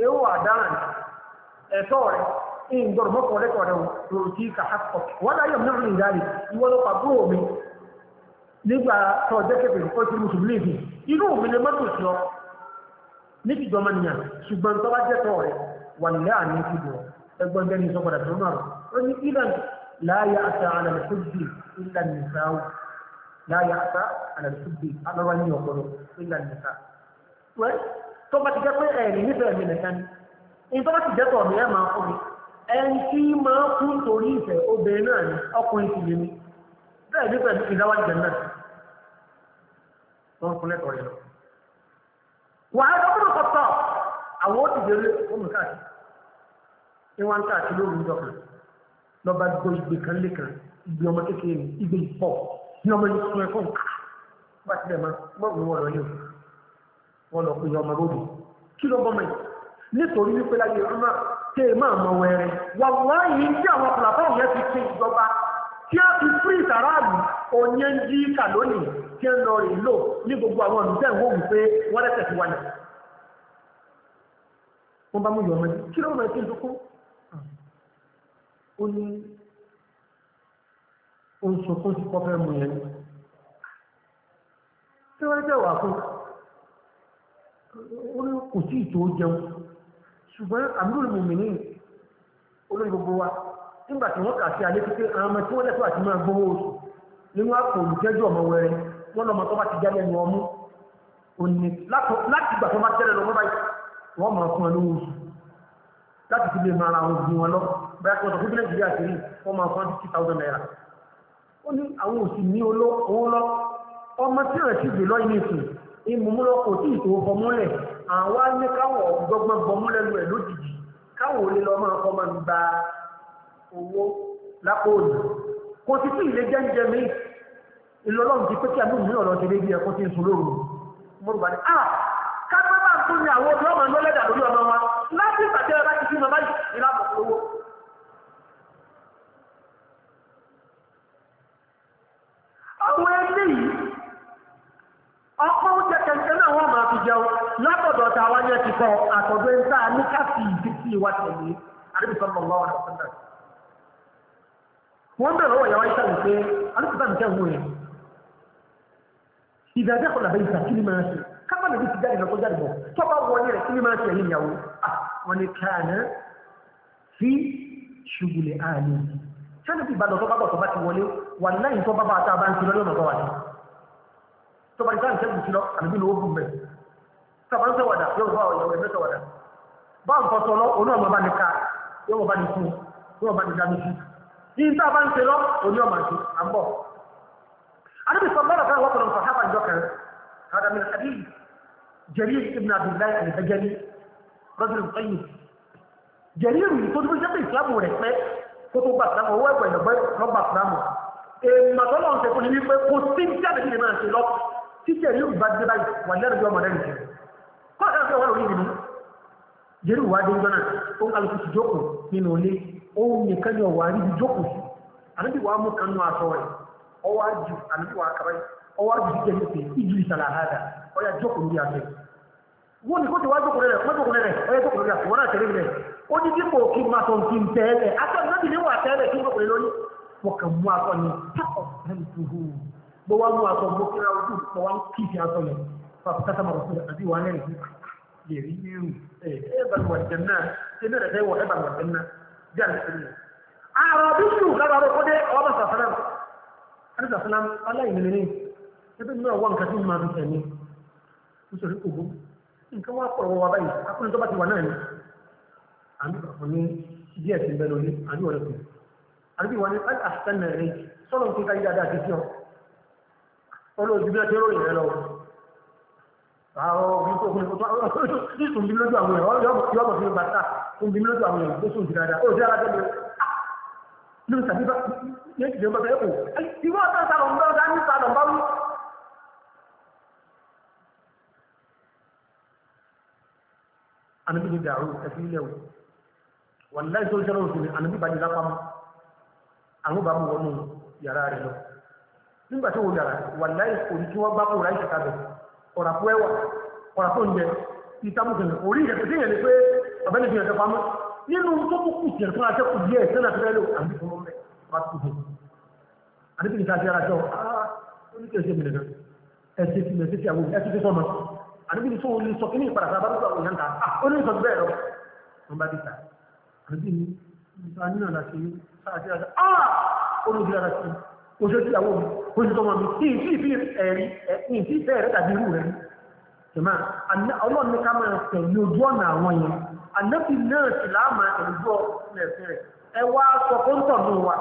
ẹ̀wọ̀ àdáhàn ẹ̀tọ́ rẹ̀ in gbọ́dọ̀ mọ́kàn rẹ̀ kọ̀ọ̀dọ̀ lòrò tí kà á kọ̀ wọ́n láyé ọ̀nà rìn ìdáyé ìwọ́n ló pàbúrò mi nígbà tó ọjọ́ kẹfẹ́ ó ti mùsùlùmí ìbí inú mi lè mọ́tò sí ọ ní ìjọba nìyà ṣùgbọ́n tó bá jẹ́ ẹgbọ́n bẹ́ẹ̀ ni sọ́kọ̀dà tó náà ó ní ilan láyà àtà àlàlùfúdì ilan nìsáwù láyà àtà àlàlùfúdì alọ́wà ní ọ̀pọ̀lọ́ ilan nìsá. wẹ́ tó bá ti jẹ́ pé ẹ̀rì nífẹ̀ẹ́ mi nìkan ni tó bá ti jẹ́ tọ̀ mi ẹ̀ ẹni tí máa kú torí ìfẹ́ obìnrin náà ni ọkùnrin sì lè mi bẹ́ẹ̀ ní pẹ̀lú ìdáwájú jẹ̀ náà tó ń fún lẹ́tọ̀ọ́ rẹ̀ lọ. wàá lọ́kùnrin kọ̀tọ̀ àwọn ó ti dèrè ó mú káàkiri ní wọ́n ń tà àti lóòrùn jọ kan lọ́ba gbọ́ ìgbè kan lé kan ìgbè ọmọ kékeré ìgbè ìpọ̀ ní ọmọ yìí sun ẹ̀fọ́ nǹkan bá ti dẹ̀ máa mọ́ọ̀rù wọn lọ yóò wọn lọ pe ọmọ lóde kí ló bọ́mọ nítorí wípé láyé ọmọ tẹ ẹ máa mọ wẹrẹ wàwá yìí tí àwọn platform yẹn ti ṣe ìjọba tí a fi fún ìsàráàlú òyìn ń jí kàlónì tí ń lọ rè lò ní gbogbo àwọn olùdẹ́ ìwọ̀n wípé wọ́n rẹ̀ tẹ̀síwájú. wọ́n bá mú yọ yìí kí ló mọ̀ ó ní oṣù tó ti kọ́ fẹ́ mu yẹn tí wọ́n jẹ́ wà fún ó ní kò tí ì tó jẹun ṣùgbọ́n àmúlò mìíràn olórí gbogbo wa nígbà tí wọ́n kà sí alẹ́ pípé àwọn ọmọ tí wọ́n lẹ́tọ́ àti máa gbowó oṣù nínú àpò olùjẹ́jọ́ ọmọ wẹrẹ wọ́n lọ́mọ tó bá ti jálẹ̀ ní ọmú òní láti gbà tó bá tẹ́lẹ̀ lọ́mọ báyìí wọ́n máa fún ẹ lówó oṣù láti fi lè máa ra àwọn wọn lọ́wọ́ bẹ́ẹ̀ kọ́ sọ fún nàìjíríà sí wọ́n máa fún fifty thousand naira ó ní àwọn òsì ní owó lọ ọmọ tí rẹ̀ sì gbé lọ yìí nìsín ìmúmúlọ kò tí ì tó fọmúlẹ̀ àwọn á ní káwọ̀ gbọ́gbọ́n fọmúlẹ̀ lu ẹ̀ lójijì káwọ̀ olè lọ máa fọmọ ń gba owó lápò òní kò sì tí ìlé jẹ́ńjẹ mi ìlọlọ́run ti pé kí àbúrò mi ọ̀rọ̀ ti lé bí ẹ̀kọ́ ti ń sun lóru mo rò bá ní ah ká má bàa tún ní àwọn ọmọ ọmọ lọ́lẹ́dà lórí ọmọ wa láti ìpàdé ọba ti fi mọ báyìí ìlànà owó àwọn eléyìí ọ̀pọ̀ oúnjẹ kẹ̀kẹ́ náà wọ́n máa fi jẹun látọ̀dọ̀ tá a wá yẹ ti kọ àtọ̀dọ̀ ń a ní káfí ìdíkì ìwà tẹ̀lé àdébìsọ̀ mọ̀ lọ́wọ́ àwọn ọ̀sán náà. wọ́n bẹ̀rẹ̀ lọ́wọ́ ìyàwó ìṣàlù pé alùpùpù àmì jẹ́ òun rẹ̀ ìdájọ́ kọ̀ làbẹ́ ìṣà kí ni máa ṣe kábà lè fi ti jáde lọ́kọ́ jáde bọ̀ tọ́ba wọlé rẹ̀ kí ni máa ṣe sẹ́ni ti ìbàdàn tó bá bọ̀ tó bá ti wọlé wà lẹ́yìn tó bá bá ta bá ń tirọ́ lọ́nà tó wà ní. tó bá ti ká ìṣẹ́gun tirọ́ àbí ní ogun bẹ̀. sábà ń sẹ́wàdà yóò bá ọ̀yọ̀ ẹ̀mẹ́ sẹ́wàdà. bá nǹkan sọ lọ oní ọmọ bá ní ká yóò bá ní fún yóò bá ní dání sí. yìí tá a bá ń ṣe lọ oní ọmọ àti àbọ̀. àdébí sọ bọ́lá kan wọ́pọ̀ nǹkan sábà jọ kẹrẹ هذا من حديث جرير ابن عبد الله البجلي رجل طيب جرير يقول بجد الإسلام ورحمة kó tó gbà sílámù owó ẹ̀pẹ̀ ìdọ̀gbẹ́ lọ́ gbà sílámù ń tẹ̀kọ́ ni wípé kò sí jáde nílé máa ṣe lọ títẹ̀ yóò bá dé báyìí wà lẹ́rù yọmọ lẹ́rù jẹ kọ́ ẹ̀rọ fẹ́ wọ́n lórí ìdùnnú yẹ́rù wá dé jọ́nà ó ń kálukú ti jókòó nínú ilé ọ̀wà jókòó mú kanú aṣọ ọwọ́ àjù ọwọ́ àjù wọ́n ní kó ti wá jókòó rẹ̀ wọ́n jókòó rẹ̀ ọ̀yẹ́ jókòó rẹ̀ wọ́n náà tẹ̀lé rẹ̀ ó ní dípò kí n máa sọ nǹkan tẹ́lẹ̀ akẹ́kọ̀ọ́ náà ti ní wà tẹ́lẹ̀ kí n jókòó rẹ̀ lórí wọ́n kàn mú aṣọ ni tákọ̀ rẹ̀ tuhu bó wá mú aṣọ bó kíra ojú mọ̀ wá ń kí ìfi aṣọ yẹn fàbí kátà máa rọ̀ṣọ́ àbí wà lẹ́rìn lè rí irú ẹ ẹ bá wà jẹ náà ẹ bẹ̀rẹ̀ fẹ́ wọ ẹ bá wà jẹ náà bí àlẹ́ rẹ̀ nǹkan wá pọ̀ lọ́wọ́ wa báyìí akúni tó bá ti wà náà ni àbí ọ̀pọ̀ ní díẹ̀ sí bẹ́ẹ̀ lórí àbí ọ̀rẹ́ kù àbí wà ní láti àṣìṣẹ́ náà rẹ̀ sọ́lọ́ nǹkan káyé dáadáa sí sí ọ olóòjú bí wọ́n ti ròyìn rẹ lọ àwọn òbí tó kún ní sùn bí lójú àwọn èèyàn yọ ọmọ fi bàtà fún bí lójú àwọn èèyàn tó sùn jìnnà dáa ó jẹ́ alájọ́ lórí tàbí bá yẹn ti dẹ́ bá bẹ́ẹ̀ kù ìwọ́n tó sàlọ̀ ń bá ń bá ń anabi ni dàrú ẹbí ilẹ̀ o wàláì tó jẹ́rọ òṣèlú anabi bá ní lápamọ́ àwọn bá mú wọnú yàrá rẹ̀ lọ nígbà tí wọ́n yàrá wàláì òní tí wọ́n gbá kó ráì kàkà bẹ̀ ọ̀rà kó ẹwà ọ̀rà kó oúnjẹ ìtàmùkẹ̀lẹ̀ orí ìyẹ̀kẹ̀ tí yẹn ni pé ọ̀bẹ́ ni fi yẹn pamọ́ nínú tó kú kù tiẹ̀ tó ra sẹ́kù díẹ̀ sẹ́nà tó rẹ́lò àbí fún mọ́ mẹ́ bá tó dùn àbí kìí ká sí ara jọ ah oníkèé ṣe mi nìkan ẹ ti fi mẹ́sí ti àwọn ẹ ti fi sọ́mọ́ àdúgbò ní fóun ní sọ kí ní ìpadà sábà tó àwọn ìyáǹta ah, ó ní ìsọdún bẹ́ẹ̀ lọ wọn bá dìtà àdúgbò ní nípa nínú ọ̀nà sí sáàtì àti ah olùdí ara sí oṣù tí àwọn oṣù tó wọn mi tí ìfì ìfì ẹ̀rí ẹ̀kún ìfì ìfẹ́ rẹ̀ tàbí irú rẹ̀ ní. jẹ̀mọ́ ọlọ́run ní ká máa tẹ̀ ní ojú ọ̀nà àwọn yẹn ànábì náà sì láàmà ẹ̀rùjọ́ ẹ̀sìn rẹ̀ ẹ wá sọ fóńtọ̀ ní wa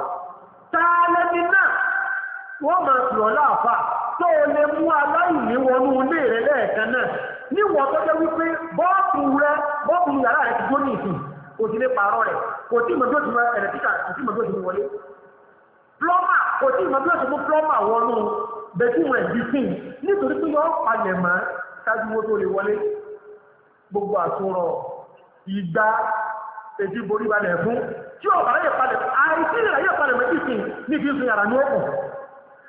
tààlẹ́ni náà wọ́n máa pè ọ́ láàfáà tó o lè mú aláìní wọnú ilé rẹ lẹ́ẹ̀kan náà níwọ̀n tó jẹ́ wípé bọ́ọ̀bù rẹ bọ́ọ̀bù yàrá rẹ ti jó ní ìsìn kò sí lè pààrọ̀ rẹ̀ kò tí ìmọ̀jọ́ ti mọ ẹ̀rẹ̀tíkà kò tí ìmọ̀jọ́ ti mọ wọlé plọ́mà kò tí ìmọ̀jọ́ ti mọ plọ́mà wọnú bẹ̀tún rẹ̀ bí fún nítorí pé yọ palẹ̀ mọ́ ṣáájú owó tó lè wọlé gbogbo àtúrọ̀ ìgbà ètí borí balẹ̀ fún tí ọ̀bàrà yẹ palẹ̀ àìsí ìrìnàyẹ palẹ̀ mọ́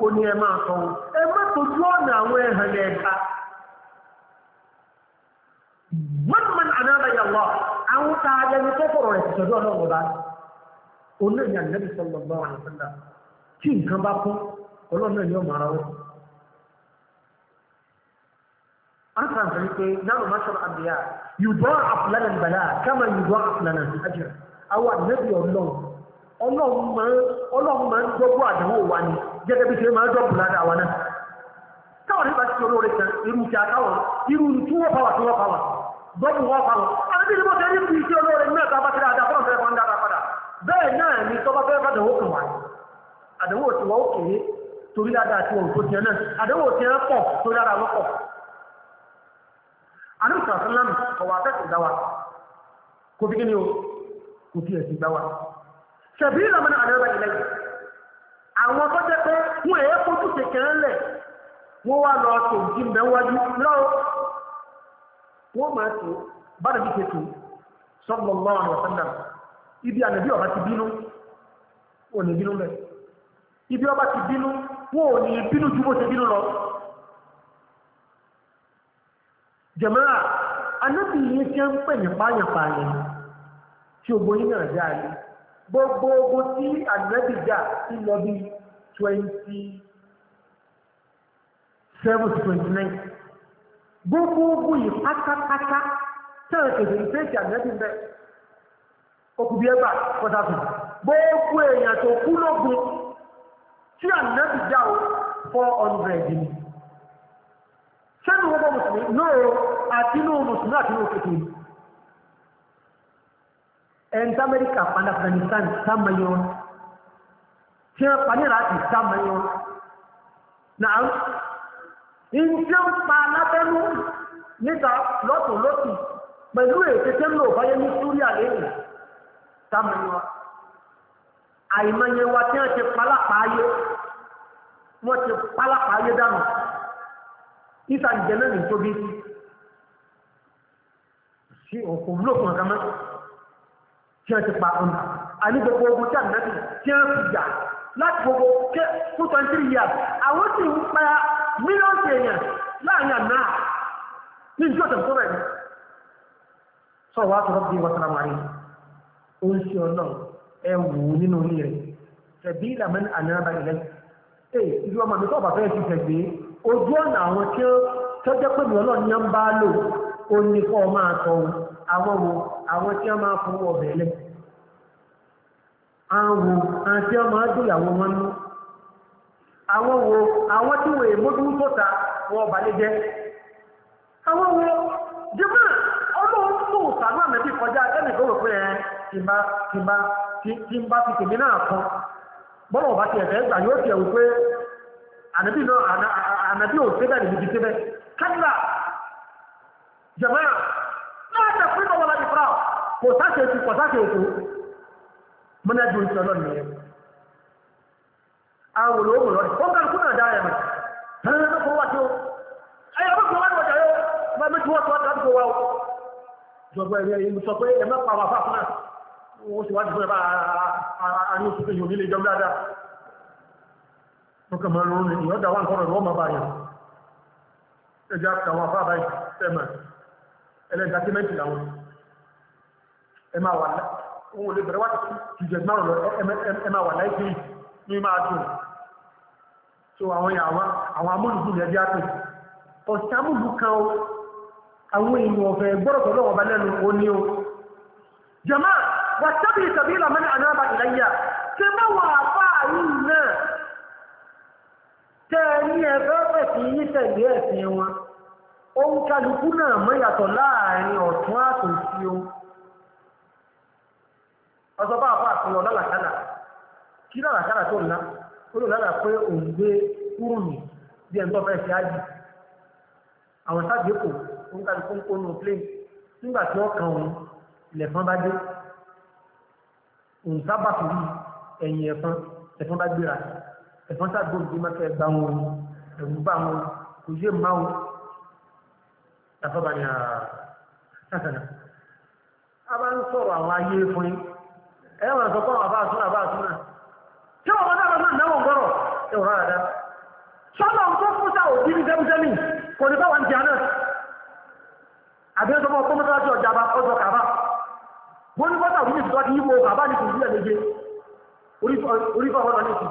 ó ní ẹ máa sọ wọn ẹ má tójú ọ̀nà àwọn ẹ̀hàn yẹn ẹ̀ka wọ́n mọ̀ ànábà yà wọ́ àwọn tá a lẹnu tó kọ̀rọ̀ rẹ̀ tìjọ́jọ́ náà wọ̀ bá olóyìn ànábì sọ̀rọ̀ bá wà nípínlẹ̀ kí nǹkan bá kún ọlọ́run náà ni ó mara wọn. an san sani pé náà má sọ̀rọ̀ àbíyá yùdọ́ àfúlànà ìbàlá kama yùdọ́ àfúlànà àjẹ́ àwọn ànábì ọlọ́run ọlọ́run máa ń dọ́gbọ́ àdánwò wa ni gẹ́gẹ́ bí ṣe máa jọ́pù ládàá wa náà káwọn nípa ti olóore kan irú ti àkáwọn irú tí wọ́n pàwà tí wọ́n pàwà gbọ́pù wọ́n pàwà àwọn ibi ìbọn tẹ́lẹ̀ fi ṣe olóore náà tá bá ti dáadáa fọ́nà fẹ́ fọ́n dáadáa padà bẹ́ẹ̀ náà ni tọ́ bá fẹ́ fàdàwó kan wà àdánwò tí wọ́n kéré torí dáadáa tí wọ́n tó tiẹ̀ náà àdánwò tí wọ́n pọ̀ torí dáadáa wọ́n pọ̀ àdúgbò sàlám ọ̀wà fẹ́sẹ̀ dáwà kò fi kí ni o kò fi ṣẹ̀bí ìlànà àdánwò ilẹ̀ yìí àwọn tó jẹ́ pé wọ́n èé fojú kékeré lẹ̀ wọ́n wá lọ tó jí mẹ́wájú lọ́wọ́ wọ́n máa tó bára bí kẹtù sọ́gbọ̀n mọ́ àwọn ọ̀sán ibi ànàbí ọba ti bínú wọn ò ní bínú lẹ̀ ibi ọba ti bínú wọn ò ní bínú ju bó ṣe bínú lọ. jẹ̀mọ́ra anábìyí ṣe ń pè ní pààyàn pààyàn tí ògbóyin náà dáa yìí. gbogbo ogun tí àgbẹ̀bí ti lọ bí twenty seven to twenty nine gbogbo ogun yìí pátápátá tẹ̀lé kejì ní fèsì àgbẹ̀bí okùnbí ẹgbà pọ̀tàkùn gbogbo èèyàn tó kú lógun tí àgbẹ̀bí ó four hundred ni sẹ́nu gbogbo mùsùlùmí náà àti inú mùsùlùmí ẹni tí amẹ́ríkà pa afghanistan sáàmà yẹn wọn tí wọ́n pa ní iraki sáàmà yẹn wọn náà ìjọ ń pa alábẹ́nu níta lọ́tọ̀ lọ́tì pẹ̀lú ètètè ńlò báyẹn ní súríà lẹ́yìn sáàmà yẹn wọn àìmọye wa tí wọ́n ti palapa ayé wọ́n ti palapa ayé dànù ìsàlùjẹ́ náà ní sí òkú lókun àkàmọ́ tí wọ́n ti pa ọ̀nà àní gbogbo ogun tí àná ti tí wọ́n ti jà láti gbogbo ké fún twenty three years àwọn sì ń pa mílíọ̀nù èèyàn láàrin àná ní ìjọ tẹ̀sán tó rẹ̀ ni. sọ̀rọ̀ wá sọ̀rọ̀ bí wọ́n sọ̀rọ̀ wáyé ó ń ṣe ọ̀nà ẹ wù ú nínú ilé rẹ̀ tẹ̀bí ìlànà àná bá ilẹ̀ ẹ̀ ìlú ọmọ mi tó ọ̀bà fẹ́ẹ́ ti tẹ̀ gbé ojú ọ̀nà àwọn tí ó tọ́jọ́ pé mi ọlọ́ọ̀ ó ní kọ́ máa àwọn wo àwọn tí wọ́n máa fọwọ́ ọbẹ̀ lẹ̀ àwọn wo àwọn tí wọn nú àwọn wo àwọn tí wọ́n èmójú sọ́ta wọn ọba lè àwọn wo jẹ́mọ́ ọlọ́run tó sàánú kọjá rò pé tìǹbà tìǹbà tìǹbà ti tèmi náà kan bọ́lá ọba gbà yóò pé náà ò sébẹ̀ níbi ti sébẹ̀ jẹ̀mọ́ láti fún ìgbà wọlé ìfúra kò sáṣe ètò kò sáṣe ètò mọ́nájú ìṣẹ́ lọ́nà yẹn àwọn olówó lọ́dẹ̀ ó ń kàlùkù náà dá ẹ̀mọ̀ ẹ̀rọ tó fún wa tó ẹ̀yà bó fún wa ní ọjà yóò máa mi tí wọ́n tó wá tó wá o jọ̀gbọ́ ẹ̀rẹ́ yìí mo sọ pé ẹ̀mọ́ pa wà fáfún náà wọ́n sì wá ti fún ẹ bá àárín oṣù kejì ẹlẹ́ntàtímẹ́ntì làwọn ẹ máa wà wọn ò lè bẹ̀rẹ̀ wá jùjẹ̀ márùn lọ ẹ máa wà láìpẹ́ yìí ní máa dùn so àwọn àwọn àwọn amúlùkù ní ẹbí àpè ọ̀sẹ̀ amúlù kan o àwọn èèyàn ọ̀fẹ́ gbọ́dọ̀ tó lẹ́nu ó ní o jama wà tábì ìtàbí ìlànà ní anáàbà ìlàyà ṣe bá wà fà yìí náà tẹ́ ní ẹ̀fẹ́ fẹ̀ sí yíṣẹ̀ ìlú ẹ̀sìn ohun kálukú náà mọ́ yàtọ̀ láàrin ọ̀tún àtòsí o ọ̀sọ̀ bá àpá àfihàn ọ̀làlàkàlà kí làlàkàlà tó ńlá ó lò lálà pé òun gbé kúrò ní bí ẹni tó fẹ́ ṣe ájì àwọn sáàgbé kò ohun kálukú ń kó nù plé nígbà tí wọ́n kan òun lẹ̀fọn bá dé òun sábà fi tàfọ́bà ni àtàtàna ah, a bá ń sọ̀rọ̀ àwọn ayé fún yí ẹ̀yẹ́ wọn sọpọ̀ àwọn àbáàtúnà àbáàtúnà tí wọ́n náà náà náà wọ́n gọ́rọ̀ ẹ̀wọ̀n rárá sọ́nà ń tó fún sá òbí ní jẹ́mùjẹ́mì kò ní báwọn jẹ́ náà àbí ọjọ́ ọkọ̀ mọ́tò láti ọjà bá ọjọ́ kàbá wọ́n ní bọ́tà òbí ní ìtọ́ ti yípo bàbá ní kùnú ẹ̀lẹ́gbẹ́ orí fọ́ọ̀rọ̀ náà nìkú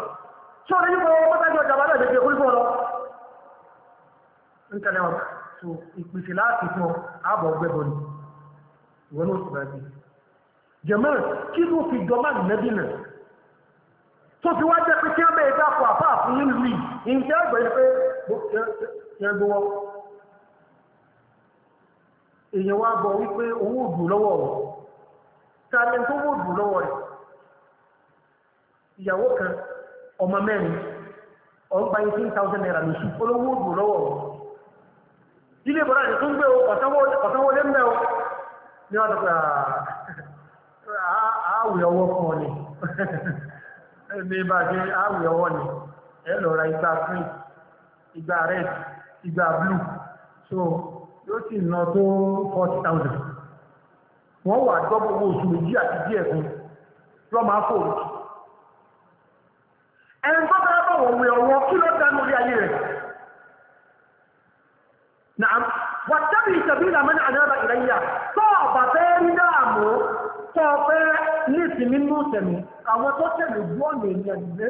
sọ́nà yípo bọ́tà ní ọjà bá lẹ́gbẹ́ orí fọ́ọ̀rọ̀ ń tẹ̀lé ọ̀rọ̀ so ìpèsè láti fún ààbọ̀ ọgbẹ́bọ̀ ni ìwọ́n ló sọ̀rọ̀ bí jẹ̀mọ́ kí ló fi jọmọ́ nẹ́bìnà tó fi wá jẹ́ pé kí wọ́n bẹ̀rẹ̀ dákọ̀ àpá àfún nílùú yìí nǹkan ẹgbẹ̀ yẹ pé yẹn gbowó èèyàn wá gbọ́ wípé owó òdù lọ́wọ́ rẹ̀ tààlẹ́ tó owó òdù lọ́wọ́ rẹ̀ ìyàwó kan ọmọ mẹ́rin ọgbà 18,000 naira lóṣù olówó òdù lọ́wọ́ rẹ̀ ilé bọ̀dá ti tún gbé o ọ̀sánwó lé mẹ́ o ní wọ́n tọ́pẹ́ ah, ah, àáwẹ̀ ọwọ́ fún ọ ni ẹ̀mí bá ṣe àáwẹ̀ ọwọ́ ni ẹ lọ ra igba green igba red igba blue so yóò sì ná tó forty thousand wọ́n wà dọ́bọ̀ owó oṣù méjì àti díẹ̀ fún lọ́mọ afọ òkú ẹni tó tẹ́lẹ̀ bọ̀ wọ̀ wẹ̀ Nàám, wà tábì ìtàbí ìlàmọ́ ní àdára ìrẹ́yà, tó ọ̀bà fẹ́ rí dáàmú, tó fẹ́ ní ìsinmi nínú tẹ̀mí, àwọn tó tẹ̀lé ojú ọ̀nà ènìyàn náà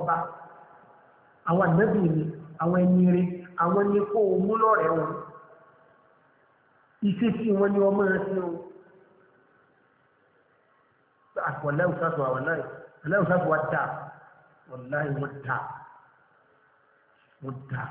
ọba. Àwọn ànábì ni, àwọn ẹni rí, àwọn ẹni kó o mú lọ́rẹ̀ wọn. Ìṣesí wọn ni ọmọ ẹsẹ̀ o. Àpọ̀lẹ́ òṣàṣọ àwọn náà, dáa, wọ́n dáa, wọ́n dáa.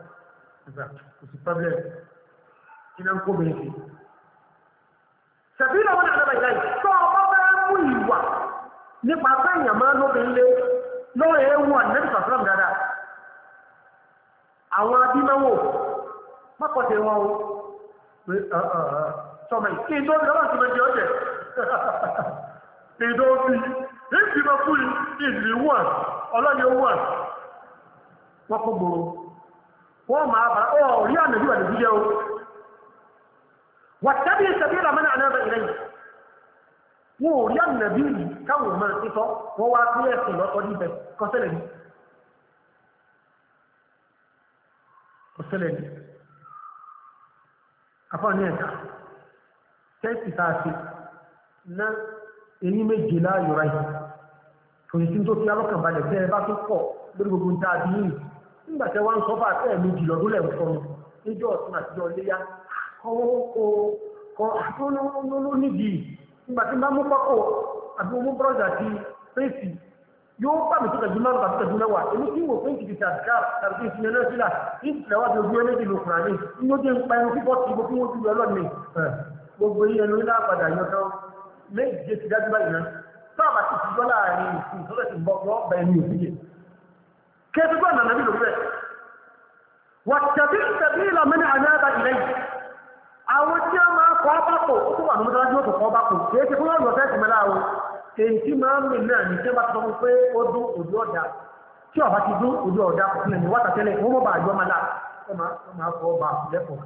àtìgbà kò sí problem iná ń kó mi nìyí. ṣèbí náà wọn àdàbà ìlà yìí tó ọmọ bẹ́ẹ̀ mú ìwà nípa bẹ́ẹ̀yàn máa lóbi ńlé lọ́wọ́ ewu ànẹ́bí sàfúrọ̀mù dáadáa. àwọn abínáwó mọ́kọ̀tẹ̀ wọn o pé sọmọ yìí kí n tó ń lọ́wọ́ sí méjì ọ̀jẹ̀ ìdó bí èsì máa fún ìlú wà ọlọ́ni owó wà wọ́n kó gbòòrò wọ́n máa bá ọ rí ànàbí wà lójú jẹ́ o wà tábí ìsẹ̀bí ìlàmọ́ náà náà ilẹ̀ yìí wọ́n ò rí ànàbí yìí káwọn máa títọ́ wọ́n wá pé ẹ̀sìn lọ́tọ́ níbẹ̀ kọ́sẹ̀lẹ̀ yìí kọ́sẹ̀lẹ̀ yìí afọ́ ní ẹ̀ka tẹ́sì tá a ṣe ná eyín méje láàyò ráyè tòyìn tí tó fi alọ́kànbalẹ̀ bẹ́ẹ̀ bá tó pọ̀ lórí gbogbo ń tá yìí nígbà tẹ wá ń sọ fún àtẹ méjì lọ́dún lẹ̀ ń fọmọ níjọ́ ọ̀tún àtijọ́ léyà kọ́wọ́ kó kọ́ àtúnúnú nídìí nígbà tí bá mú pákó àbí mú bọ́ọ̀dà ti fèsì yóò bá mi tọ́jú máa ń bá tọ́jú mẹ́wàá èmi tí wò fún ìdìbò àdìgá tàbí ìsinmi náà sílà ìsìlẹ̀ wá di ojú ẹlẹ́dì ló kùnà ní inú jẹ́ ń pa ẹnu fífọ́ ti gbogbo wọn jùlọ lọ́nà gbogbo yìí ẹnu ńlá padà yọ tán méje ti dájú báyìí náà sábà ti ti gbọ́ láàrin ìsìn tó lẹ́sìn bọ́ bẹ́ẹ̀ ni òfin yẹn كيف قال النبي له واتبع سبيل من عناب إليه àwọn tí a máa kọ́ bápò tó wà lómọdé lájú ọ̀tọ̀ kọ́ bápò kì í ṣe fún ọ̀rọ̀ ọ̀fẹ́ ìsinmi láàrú èyí tí máa ń rìn náà ní tí wọ́n bá ti sọ pé ó dún ojú ọ̀dà tí ọ̀bá ti dún ojú ọ̀dà kò sílẹ̀ ní wàtà tẹ́lẹ̀ wọ́n mọ̀ bá àjọ máa là ó máa kọ́ bá lẹ́kọ̀ọ́ kan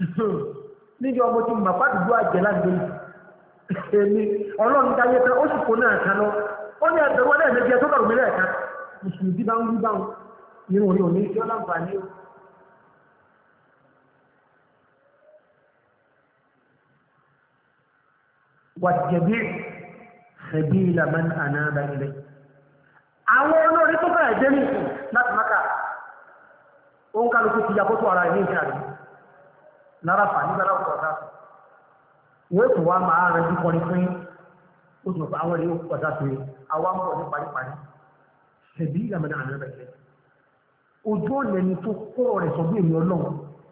kò sáàmùrẹ́ra níjọ ọmọ tí màpá dùdú àjẹ́ lágbè èmi ọlọ́run dáyé tán ó sì kó náà kan lọ ó ní ẹgbẹ̀rún ọdẹ ẹ̀mẹ́jẹ tó kàrùn mí lẹ́ẹ̀kan mùsùlùmí bá ń wí báwọn irun orí òní tí ó láǹfààní o. wàjẹ̀bí ẹ̀bí ìlànà ànáàbà ilẹ̀. àwọn olórí tó fẹ́ẹ̀ jẹ́ nìkan láti máka ó ń kálukú ti yàgò tó ara ẹ̀ ní ìjà náírà fà nígbà láwùjọ ọ̀dà wọ́n tún wá máa rẹ bí kọrin pín ó tún fún àwọn èèyàn ọ̀dà tó yẹ àwa ń bọ̀ ní paríparí ṣèbí ìlànà àná rẹ̀ jẹ́ ojú ọ̀nà ni tó kọ́ rẹ̀ sọ bí èmi ọlọ́run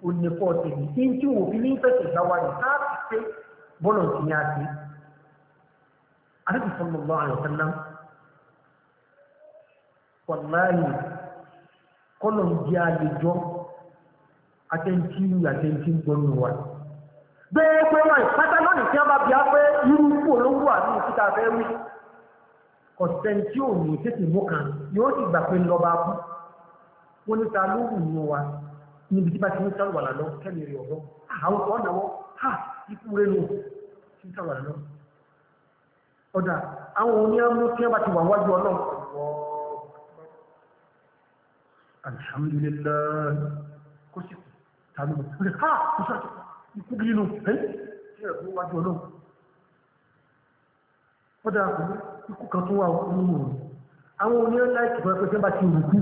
ó ní kọ́ tèmi tí ń tí òfin ní fẹsẹ̀ gbá wa ní káàpì pé bọ́ọ̀lù ti ní àti àdébìsọ̀ lọ́wọ́ àyọ̀kẹ́ náà wàláyé kọ́lọ̀ ń di àlejò atẹ́ntí wù atẹ́ntí ń gbọ́nù wa. bẹ́ẹ̀ pé wọ́n pátá lónìí tí wọ́n bá bí a pé irú kú olówó àbí òkúta fẹ́ wí. kọ̀sẹ̀ntì ò ní tètè mú kan yóò sì gbà pé lọ́ba kú. wọ́n ní ta ló wù nù wa níbi tí bá ti ń sáré wà lálọ́ kẹ́mi rẹ̀ ọ̀dọ́ àwọn kan náwó ha ikú rẹ̀ lò ti ń sáré wà lálọ́. ọ̀dà àwọn oníyàmú tí wọ́n bá ti wà wájú ọlọ́run. alhamdulillah tàbí mọ̀ ṣe ha ìṣẹ́ ikú gírí nù ẹ́ ṣe ẹ̀kọ́ wájú ọlọ́run ó dáa pẹ̀lú ikú kan tó wà nínú rẹ̀ àwọn oníyẹ láìkì fún ẹgbẹ́ bá ti rù kú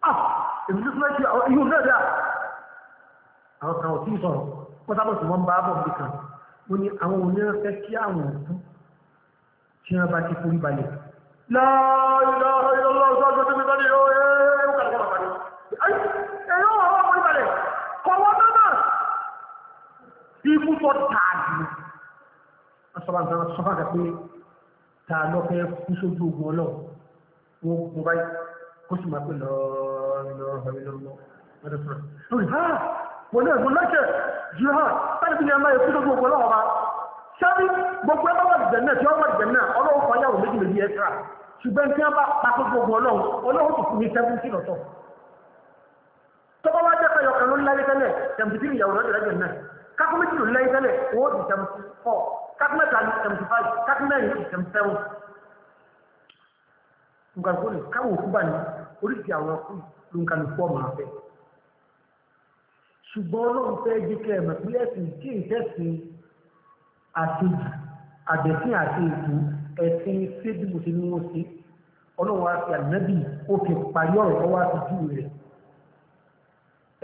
ah! èmi tó fúnlẹ̀ ṣe iye òun náà dáa àwọn kan ò tí ì sọ̀rọ̀ pátápọ̀ tí wọ́n ń bá bọ̀ níbi kan ó ní àwọn oníyẹ fẹ́ kí àwọn òkú tí wọ́n bá ti láàrín ìlọ́lọ́ sọ́jọ́ tó bí bá ní ọ̀rẹ́ ẹ̀yọ́ àwọn ọmọ ìbàlẹ̀ kọwọ́ náà ikú tó tààdì asọ́bàgbà sọ́fàgà pé ta lọ fẹ́ kú sójú ogun ọlọ́ wọn kú báyìí kó sì máa pè lọ́ọ̀rọ̀ sẹ́ni gbogbo ẹgbẹ́ wà jẹ̀ náà tí wọ́n wà jẹ̀ náà ọlọ́run kan yàwó méjì méjì ẹ̀sìrà ṣùgbọ́n tí wọ́n bá pàṣẹ gbogbo ọlọ́run ọlọ́run tó fún mi sẹ́fúntì lọ́tọ̀ tọ́ba wá jẹ́ káyọ̀ kan ló láyé tẹ́lẹ̀ tẹ̀mùtì ìyàwó lọ́jọ́ lẹ́jọ́ náà kákó méjì ló láyé tẹ́lẹ̀ owó di tẹ̀mùtì fọ́ kákó mẹ́ta ní tẹ̀mùtì fáì kákó mẹ́rin ní tẹ̀mùtì sẹ́wọ̀n. nǹkan kó lè káwọn òkú bá ní oríṣi àwọn ọkú ló ń kan ní fọ́ọ̀mù àfẹ́ ṣùgbọ́n ọlọ́run fẹ́ jẹ́ kẹ́ ẹ̀mọ̀ pílẹ̀ kí n tẹ̀sìn àti àbẹ̀sìn àti ètò ẹ̀sìn fẹ́dùbù sí ni wọ́n ṣe ọlọ́wọ́ àti ànábì ó fi parí ọ̀rọ̀ ọwọ́ àti jù rẹ̀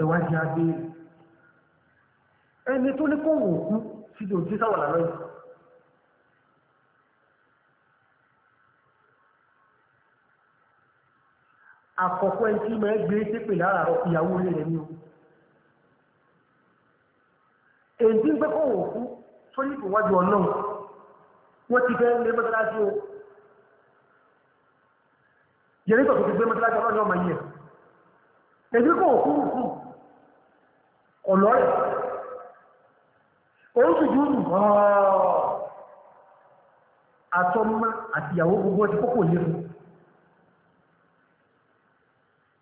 ẹ̀wá jẹ́ abéèrè ẹni tó ní kó wò kú sí ìdò tí sáwà lálọ́ yìí àkọ́kọ́ ẹni tí máa gbé sépè lára ìyàwó rẹ̀ ni o èyí tí ń pẹ́ kó wò kú tó ní ìwájú ọ̀nà wọ́n ti fẹ́ lé mọ́tàlájú o yẹ̀rí tó ti gbé mọ́tàlájú ọlọ́run ọmọ yìí ẹ̀bí kò kúrù kú ọ̀lọ́rẹ̀ òun sì jù àtọ́mọ́ àti ìyàwó gbogbo ti kókò lé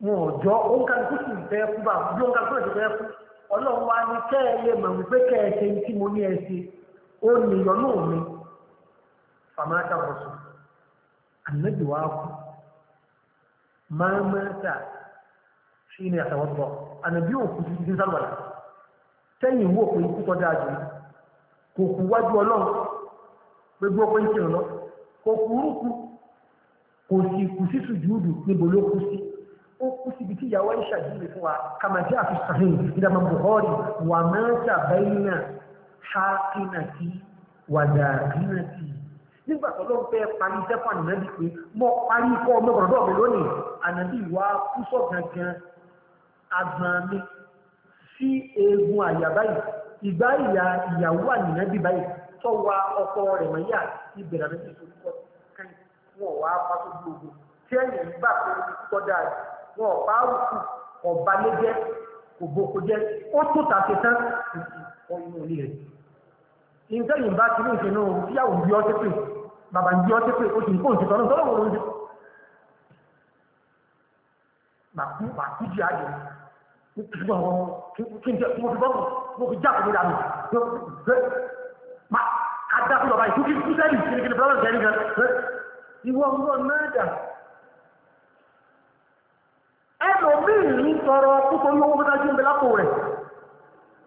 wọn ọjọ́ oúnkàlùkù sì ń fẹ́ fún bá bí oúnkàlùkù sì fẹ́ fún ọlọ́run wa ní kẹ́ẹ̀lẹ́ mọ̀ wípé kẹ́ẹ̀ṣe tí mo ní ẹ ṣe ó ní ìyọnú mi fàmáta rọ̀sùn ànábì wa kú mámáta sí ní àtàwọ̀tọ̀ ànábì òkú ti dín sálùwàlà sẹ́yìn ìwú òkú ikú tọ́ dáa jù kò kú wájú ọlọ́run gbogbo ọkọ̀ ìkìrìn lọ kò kúrúkú kò sì kù sí sùjúdù níbo ló kú sí ó kú síbi tí ìyàwó ìṣàjúwe fún wa kàmájí àfi sàhìn ìdàmàbùhọ́rì wà máa ń ṣàbẹ́yìn náà ṣáàkínàtì wàdàrínàtì nígbà tó ló ń fẹ́ parí sẹ́fà nìyẹn pé mo parí kọ́ ọmọ ọ̀dọ́ mi lónìí ànàbí ìwà kúsọ̀ gangan agbọ̀n mi sí eegun àyà báyìí ìgbà ìyá ìyàwó ànìyàn bí báyìí tó wa ọkọ rẹ̀ mọ̀ yá ìbẹ̀rẹ̀ rẹ̀ ti sọ́kọ kẹ́yìn wọn wá pàtó gbogbo tí ẹ̀yìn gbà pé kíkọ́ dáa wọn ọ̀pá àwùkù ọ̀bálẹ́jẹ́ kò bókojẹ́ ó tó tàṣetán ọyún orí rẹ̀ ìtẹ́yìn bá ti ní ìṣẹ́ náà yàwó bí ọ́ tẹ́pẹ́ bàbá ń bí ọ́ tẹ́pẹ́ ó sì ń kó òǹtẹ̀ tọ́lọ́ tọ́lọ́ wọ̀rọ̀ oúnjẹ màkú màkú jì àjò nítorí àwọn kí n jẹ mo fi bọ́ mo fi já kòmí dànù ma adá fún bàbá ìtúkí kú sẹ́yìn kìnnìkìnnì bọ́lá ìjẹ́ nìkan ìwọ ọmọ náà dà ẹlòmíì ń tọrọ kókó yóò wọ́n bá dájú ń bẹ lápò rẹ̀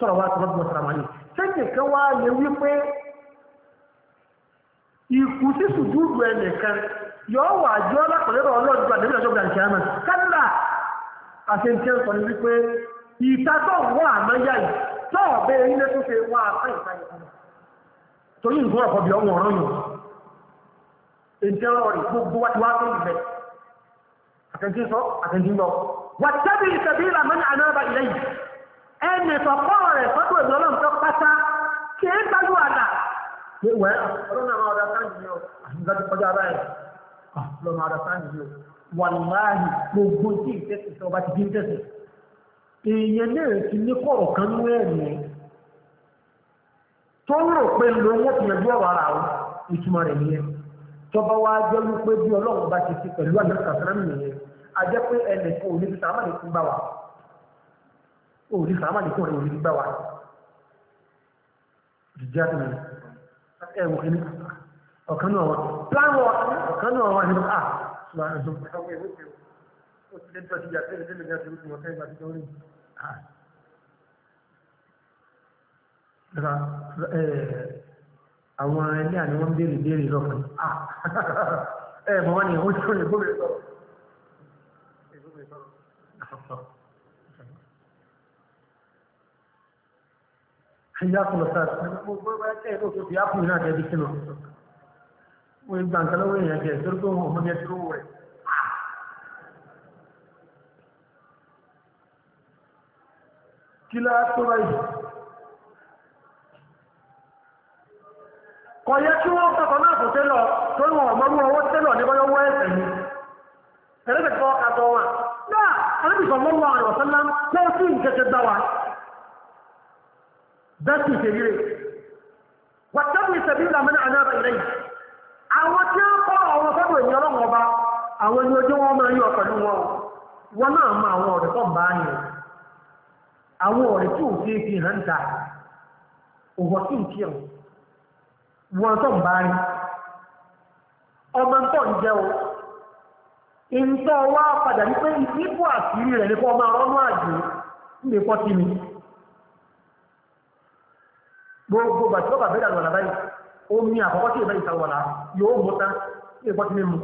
sọ̀rọ̀ wa sọ̀rọ̀ bọ̀ sọ̀rọ̀ wáyé sẹ́yìn kan wá lè wí pé ikú sí sùdúrù ẹnìkan yọ̀ọ́ wà jọ́ lápẹ̀lẹ́rọ̀ ọlọ́dún àdébí ọjọ́ gbàǹkì àmà kálá àṣẹǹtẹ́ sọ ní wípé ìta tó ń wọ́n àmọ́ yá yìí tó ọ̀bẹ ilé tó ṣe wá apá ìta yìí fún un torí nǹkan ọ̀pọ̀ bí ọmọ ọ̀rọ̀ yìí ètò ọ̀rọ̀ gbogbo wa ti wá tó ìbẹ̀ àtẹ̀jẹ́ sọ àtẹ̀jẹ́ lọ wà tẹ́bi ìtẹ̀bí ìlànà àná Ene kọ̀ọ̀kan rẹ̀ fọ́tò ìlú tó pátá kì í gbájú àdá. pé wẹ́ ọlọ́run náà kọjá ah, máa ọ̀dà gbogbo tí ìtẹ́sí ọba ti bí ń tẹ̀sí. èèyàn náà ti ní kọ̀rọ̀ kan ní tó ń rò pé ló ọ̀rọ̀ ara wọn ìtumọ̀ rẹ̀ nìyẹn tọ́ba wa jẹ́ wípé bí ọlọ́run bá ti òòrí sàmà nìkan rẹ̀ òòrí gbà wá jíjá tó nìyẹn ẹ wò kíní ọ̀kan náà wà plan wọ ọ̀kan náà wà nínú ah ṣùgbọ́n àwọn ẹ̀sùn ọmọ ìwé ìwé ó ti lé tọ́jú yàtọ̀ ìdílé lè gbàtí orúkọ ọ̀kẹ́ ìgbà tó rí ah àwọn ẹni àni wọ́n béèrè béèrè lọ́kàn ah ẹ mọ̀ wọ́n ni ó ti rìn gbóbè sọ̀rọ̀ ìyákùnlọ sáàtì mo gbọ́ bá kẹ́ ẹ̀kọ́ tó fi ápùn náà jẹ́ bíkínà mo ń gbà nǹkan lọ́wọ́ èèyàn jẹ́ torí pé wọn ò mọ yẹn tó wọ̀ rẹ̀. kí ló á tó báyìí. kò yẹ kí wọ́n kọ̀kọ́ náà kò tẹ́lọ̀ torí wọn ọ̀mọ́rú ọwọ́ tẹ́lọ̀ ní bọ́yọ́ wọ́ ẹ̀sẹ̀ ni ẹ̀rẹ́bẹ̀tì kọ́ ọ̀ka tọ́ wọn. náà ẹ̀rẹ́bẹ̀tì dátì ìṣèlérè wàtẹ́bù ìṣẹ̀bílà mẹ́rin ànábà ilẹ̀ yìí àwọn awon ó kọ́ àwọn fẹ́bù ènìyàn ọlọ́wọ́ ọba àwọn ẹni ojú wọn máa wọn wọn náà na àwọn ọ̀rẹ́ tó ń bá yẹn àwọn ọ̀rẹ́ tí ò fi fi ta gbogbo bàtí ọba bẹ́ẹ̀ àlùwàlà báyìí omi àkọ́kọ́ tí ìbáyìí ta wàlà yóò mú ta ní ìgbọ́ tí mi mú.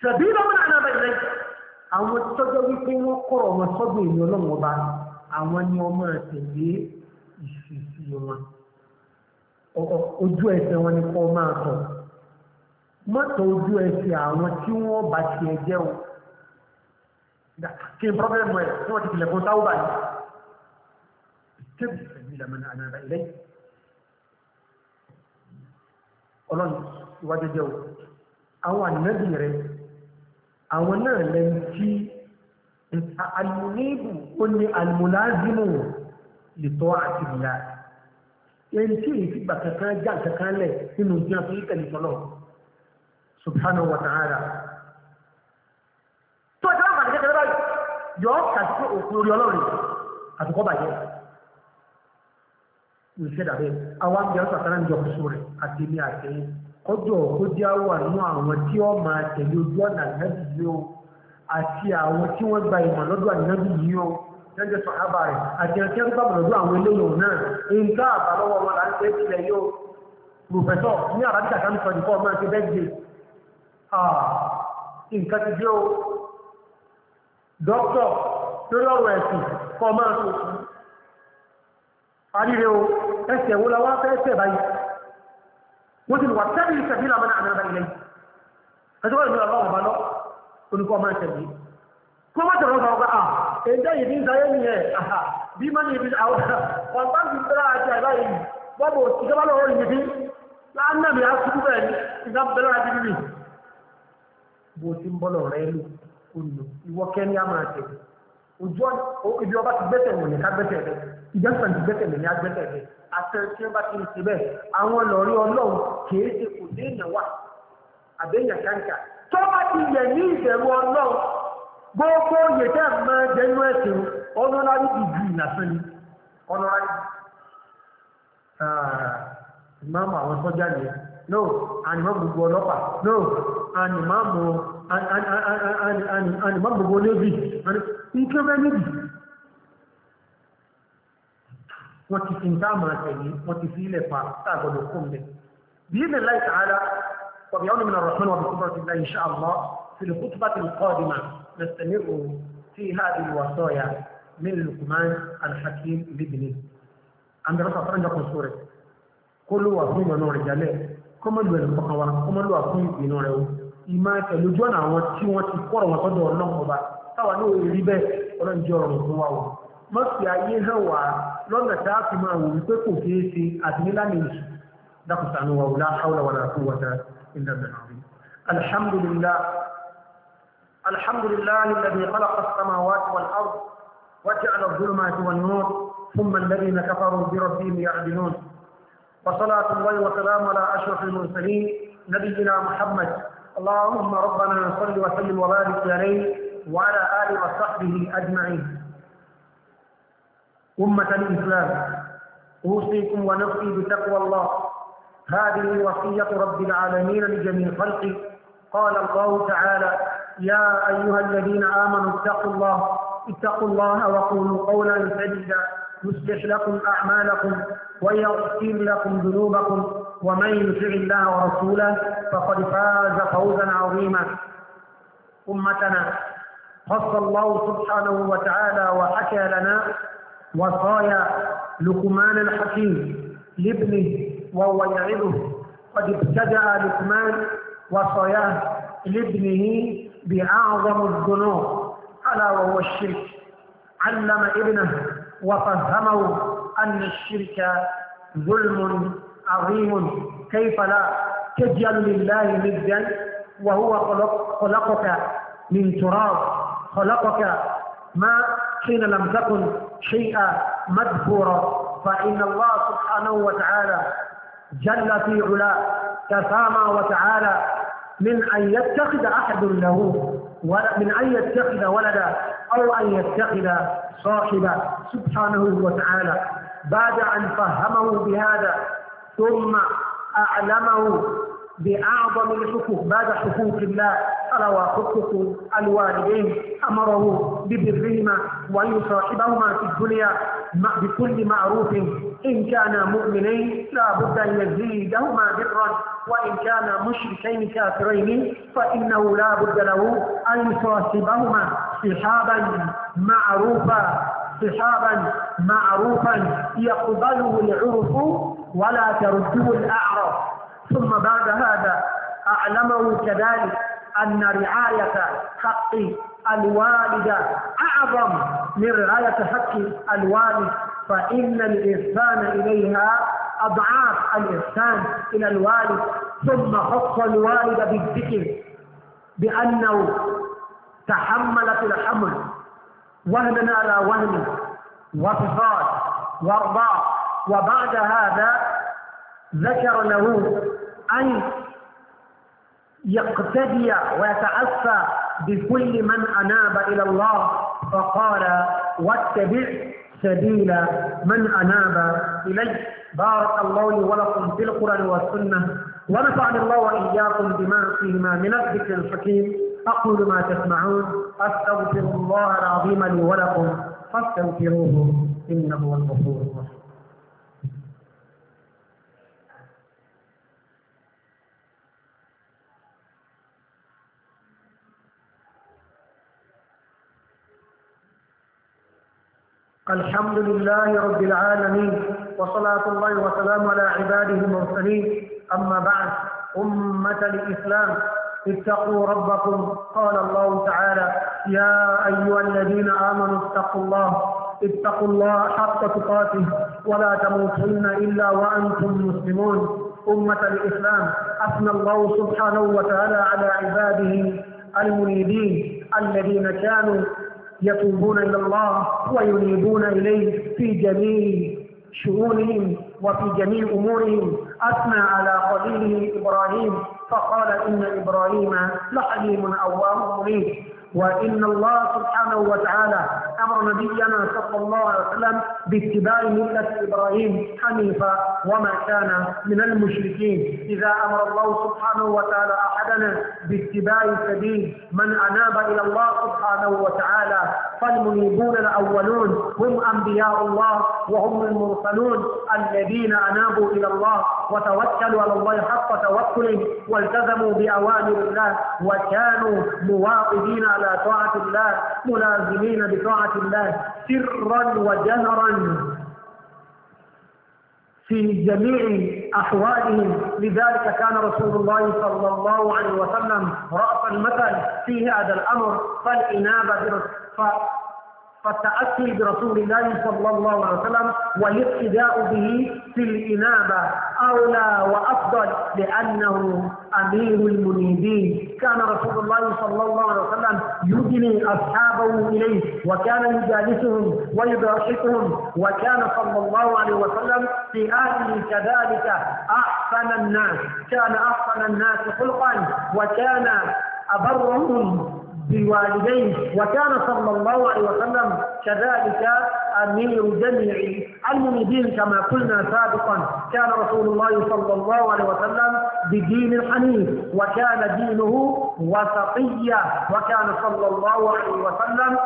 ṣẹ̀bí lọ́mọdé àná báyìí lẹ́yìn àwọn tọ́jọ́ wípé wọ́n kọ̀rọ̀ wọn sọ́dún èmi ọlọ́run ọba àwọn ni ọmọ tẹ̀lé ìṣìṣì wọn ojú ẹsẹ̀ wọn ni kọ́ máa tọ̀ mọ́tò ojú ẹsẹ̀ àwọn tí wọ́n bá tiẹ̀ jẹ́ o kí n pọ́fẹ́ mọ̀ ẹ̀ tí wọ́n ti tilẹ̀ fún إلا من أناب إليه ọlọ́run ìwájú jẹ́ o àwọn ànábì rẹ àwọn náà lẹ́yìn tí àlùmíìbù ó ní àlùmùláàzìmù lìtọ́ àti ìlà ẹni tí èyí ti gbà kankan já kankan lẹ̀ nínú ìdí àti ìtẹ̀lé tọ́lọ̀ subhanahu wa ta'ala tó ìjọba àti kékeré báyìí yọ ọ́ kàtí òkú lórí ọlọ́run àtúkọ́ bàjẹ́ iṣẹ́ dàbẹ́ àwọn àti àwọn sàtàrà ń jọ kùsù rẹ̀ àti ní àtẹ̀yìn kọjọ kó jẹ́ àwọn àánú àwọn tí ó máa tẹ̀lé ojú ọ̀nà ànábì yìí o àti àwọn tí wọ́n gba ìmọ̀ lọ́dọ̀ ànábì yìí o lẹ́jọ́ sọ̀hábà rẹ̀ àti àti ẹni bá lọ́dọ̀ àwọn eléyìí náà nǹkan àbálọ́wọ́ wọn là ń tẹ́ tilẹ̀ yìí o pòfẹ́sọ̀ ní àràbíkà kan sọ nìkan ọmọ àti bẹ́ẹ̀ nǹkan ti dé o dókítọ̀ lórí ọ̀rọ̀ ẹ̀sìn kọ́ máa tó àríre o ẹsẹ̀ wo la wá fẹ́ ẹsẹ̀ báyìí wọ́n ti wà sẹ́ni ìṣẹ̀bí bí bẹ̀rẹ̀ ìgbà bẹ̀rẹ̀ bó ti ń ìwọ́kẹ́ ní àmà ojú ibi ọba ìjọsìn ti gbẹ́kẹ̀lé ní agbẹ́kẹ̀lé àtẹ̀rẹ̀ tí wọ́n bá ti ń ṣe bẹ́ẹ̀ àwọn lọ́rí ọlọ́run kìí ṣe kò dé èèyàn wà àbẹ́yàn káńkà tó bá ti yẹ ní ìbẹ̀rù ọlọ́run gbogbo oyè tẹ́ ẹ̀ máa jẹnu ẹ̀sìn ọ̀nọ́rárí dìgbì lásán ni ọ̀nọ́rárí ah, ìmáàmù àwọn sọ́jà ni no ànìmọ́ gbogbo ọlọ́pàá no ànìmọ́ gbogbo nébì ìkẹ́fẹ́ nébì wọ́n ti fi ń dáàmà tẹ̀lé wọ́n ti fi ilẹ̀ pa táàgbọ̀dọ̀ fún mi. bí ilẹ̀ láì tààlà wàbí àwọn ènìyàn rọ̀ sọ́nà ọ̀bùkún bọ̀rọ̀ ti dá iṣẹ́ àmọ́ fìlì kú túbà ti kọ́ ọ̀dìmà mẹsẹ̀lẹ̀ o tí ìhà ìlú wà sọ́ọ̀yà min Luqman al-Hakim libni. àmì rọ́pà fọ́njà kan sóre kó ló wà fún ìmọ̀nà rẹ̀ jalẹ̀ kọ́mọlù ẹ̀rù kọ̀kan wa kọ́mọlù wà fún ìpinnu ayé hàn wá lọ́nà tá ما fi máa wò wípé kò ṣeé ṣe àti حول ولا قوة إلا بالله الحمد لله الحمد لله الذي خلق السماوات والأرض وجعل الظلمات والنور ثم الذين كفروا بربهم يعدلون وصلاة الله وسلام على أشرف المرسلين نبينا محمد اللهم ربنا صل وسلم وبارك عليه وعلى آله وصحبه أجمعين أمة الإسلام أوصيكم ونفسي بتقوى الله هذه وصية رب العالمين لجميع خلقه قال الله تعالى يا أيها الذين آمنوا اتقوا الله اتقوا الله وقولوا قولا سديدا يصلح لكم أعمالكم ويغفر لكم ذنوبكم ومن يطع الله ورسوله فقد فاز فوزا عظيما أمتنا خص الله سبحانه وتعالى وحكى لنا وصايا لقمان الحكيم لابنه وهو يعظه قد ابتدأ لقمان وصاياه لابنه بأعظم الذنوب ألا وهو الشرك علم ابنه وفهمه أن الشرك ظلم عظيم كيف لا تجعل لله ندا وهو خلق خلقك من تراب خلقك ما حين لم تكن شيئا مدبورا فإن الله سبحانه وتعالى جل في علا تسامى وتعالى من أن يتخذ أحد له من أن يتخذ ولدا أو أن يتخذ صاحبا سبحانه وتعالى بعد أن فهمه بهذا ثم أعلمه بأعظم الحقوق بعد حقوق الله قال وحقكم الوالدين أمره ببرهما وأن يصاحبهما في الدنيا بكل معروف إن كانا مؤمنين لا بد أن يزيدهما برا وإن كانا مشركين كافرين فإنه لا بد له أن يصاحبهما صحابا معروفا صحابا معروفا يقبله العرف ولا ترده الأعرف ثم بعد هذا أعلمه كذلك أن رعاية حق الوالد أعظم من رعاية حق الوالد فإن الإحسان إليها أضعاف الإحسان إلى الوالد ثم خص الوالد بالذكر بأنه تحملت الحمل وهنا على وهن وفصال وارضاع وبعد هذا ذكر له أن يقتدي ويتأسى بكل من أناب إلى الله فقال واتبع سبيل من أناب إليه بارك الله لي ولكم في القرآن والسنة ونفعني الله وإياكم بما فيهما من الذكر الحكيم أقول ما تسمعون أستغفر الله العظيم لي ولكم فاستغفروه إنه هو الغفور الرحيم الحمد لله رب العالمين وصلاة الله وسلام على عباده المرسلين أما بعد أمة الإسلام اتقوا ربكم قال الله تعالى يا أيها الذين آمنوا اتقوا الله اتقوا الله حق تقاته ولا تموتن إلا وأنتم مسلمون أمة الإسلام أثنى الله سبحانه وتعالى على عباده المنيبين الذين كانوا يتوبون إلى الله وينيبون إليه في جميع شؤونهم وفي جميع أمورهم أثنى على قبيله إبراهيم فقال إن إبراهيم لحليم أواه مريد وإن الله سبحانه وتعالى أمر نبينا صلى الله عليه وسلم باتباع ملة إبراهيم حنيفا وما كان من المشركين إذا أمر الله سبحانه وتعالى أحدنا باتباع سبيل من أناب إلى الله سبحانه وتعالى فالمنيبون الأولون هم أنبياء الله وهم المرسلون الذين أنابوا إلى الله وتوكلوا على الله حق توكله والتزموا بأوامر الله وكانوا مواطنين على طاعة الله ملازمين بطاعة الله سرا وجهرا في جميع أحوالهم لذلك كان رسول الله صلى الله عليه وسلم رأس المثل في هذا الأمر فالإنابة فالتأتي برسول الله صلى الله عليه وسلم والاقتداء به في الإنابة أولى وأفضل لأنه أمير المنيبين كان رسول الله صلى الله عليه وسلم يدني أصحابه إليه وكان يجالسهم ويضحكهم وكان صلى الله عليه وسلم في أهله كذلك أحسن الناس كان أحسن الناس خلقا وكان أبرهم بالوالدين وكان صلى الله عليه وسلم كذلك أمير جميع المؤمنين كما قلنا سابقا كان رسول الله صلى الله عليه وسلم بدين حنيف وكان دينه وسطية وكان صلى الله عليه وسلم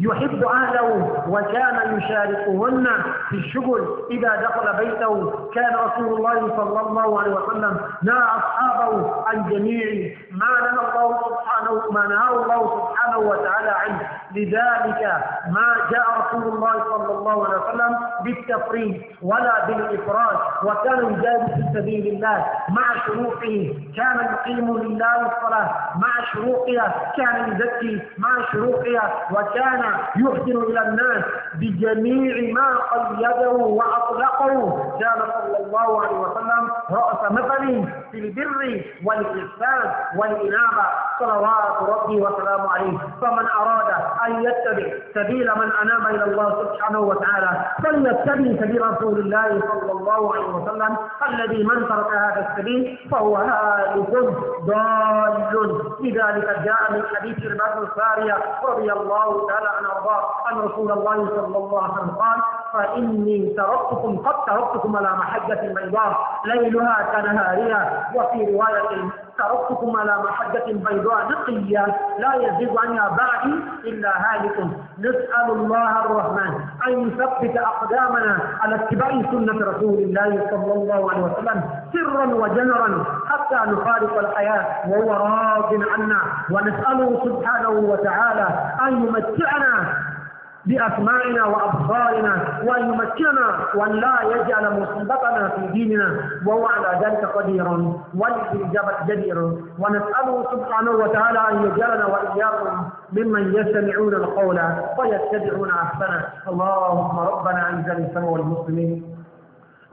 يحب أهله وكان يشاركهن في الشغل إذا دخل بيته كان رسول الله صلى الله عليه وسلم نهى أصحابه عن جميع ما نهى الله سبحانه ما نهى الله سبحانه وتعالى عنه لذلك ما جاء رسول الله صلى الله عليه وسلم بالتفريج ولا بالإفراج وكان يجاهد في سبيل الله مع شروطه كان يقيم لله الصلاة مع شروطها كان يزكي مع شروطها وكان يحسن إلى الناس بجميع ما قيده وأطلقه كان صلى الله عليه وسلم رأس مثل في البر والإحسان والإنابة صلوات ربي وسلامه عليه فمن أراد أن يتبع سبيل من أناب إلى الله سبحانه وتعالى فليتبع سبيل رسول الله صلى الله عليه وسلم الذي من ترك هذا السبيل فهو هالك ضال لذلك جاء من حديث الباب السارية رضي الله تعالى عنه وارضاه أن رسول الله صلى الله عليه وسلم قال فإني تركتكم قد تركتكم على محجة بيضاء ليلها كنهارها وفي رواية تركتكم على محجة بيضاء نقية لا يزيد عنها بعدي إلا هالك نسأل الله الرحمن أن يثبت أقدامنا على اتباع سنة رسول الله صلى الله عليه وسلم سرا وجنرا حتى نخالف الحياة وهو راض عنا ونسأله سبحانه وتعالى أن يمتعنا بأسمائنا وأبصارنا وأن يمكننا وأن لا يجعل مصيبتنا في ديننا وهو على ذلك قدير وللإجابة جدير ونسأله سبحانه وتعالى أن يجعلنا وإياكم ممن يستمعون القول ويتبعون أحسنه اللهم ربنا أعز الإسلام والمسلمين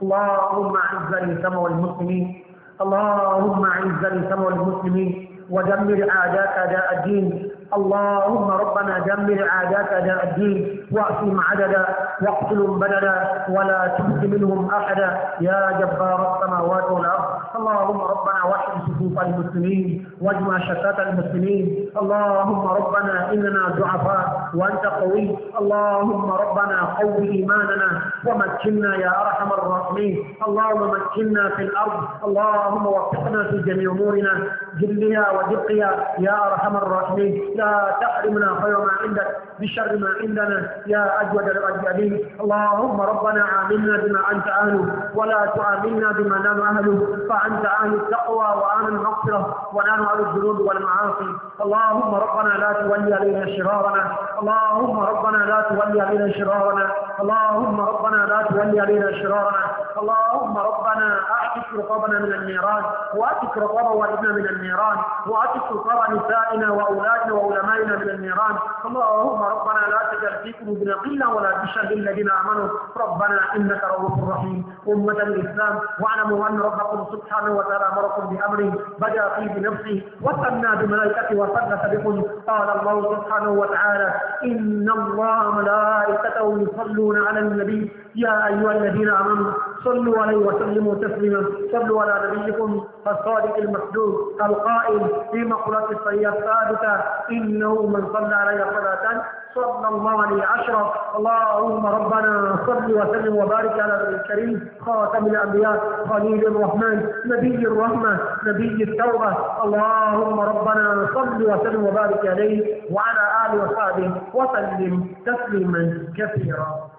اللهم أعز الإسلام والمسلمين اللهم أعز الإسلام والمسلمين ودمر أعداء أعداء الدين اللهم ربنا دمر عادات اداء الدين واقسم عددا واقتلهم بددا ولا تمس منهم احدا يا جبار السماوات والارض اللهم ربنا وحد صفوف المسلمين واجمع شتات المسلمين اللهم ربنا اننا ضعفاء وانت قوي اللهم ربنا قو ايماننا ومكنا يا ارحم الراحمين اللهم مكنا في الارض اللهم وفقنا في جميع امورنا جلها ودقها يا ارحم الراحمين لا تحرمنا خير ما عندك بشر ما عندنا يا أجود الأجودين اللهم ربنا عاملنا بما أنت أهله ولا تعاملنا بما نام أهله فأنت أهل التقوى وآمن المغفرة ونام أهل الذنوب والمعاصي اللهم ربنا لا تولي علينا شرارنا اللهم ربنا لا تولي علينا شرارنا اللهم ربنا لا تولي علينا شرارنا اللهم ربنا أعتق رقابنا من النيران وأعتق رقاب والدنا من النيران وأعتق رقاب نسائنا وأولادنا وعلمائنا من النيران اللهم ربنا لا تجعل في قلوبنا غلا ولا غشا للذين امنوا ربنا انك رؤوف رحيم امه الاسلام واعلموا ان ربكم سبحانه وتعالى امركم بامره بدا فيه بنفسه وثنى بملائكته وصدق بكم قال الله سبحانه وتعالى ان الله ملائكته يصلون على النبي يا أيها الذين آمنوا صلوا عليه وسلموا تسليما صلوا على نبيكم الصادق المصدوق القائل في مقولات الصحيحة الثابتة إنه من صلى علي صلاة صلى الله عليه عشرة اللهم ربنا صل وسلم وبارك على نبي الكريم خاتم الأنبياء خليل الرحمن نبي الرحمة نبي التوبة اللهم ربنا صل وسلم وبارك عليه وعلى آله وصحبه وسلم تسليما كثيرا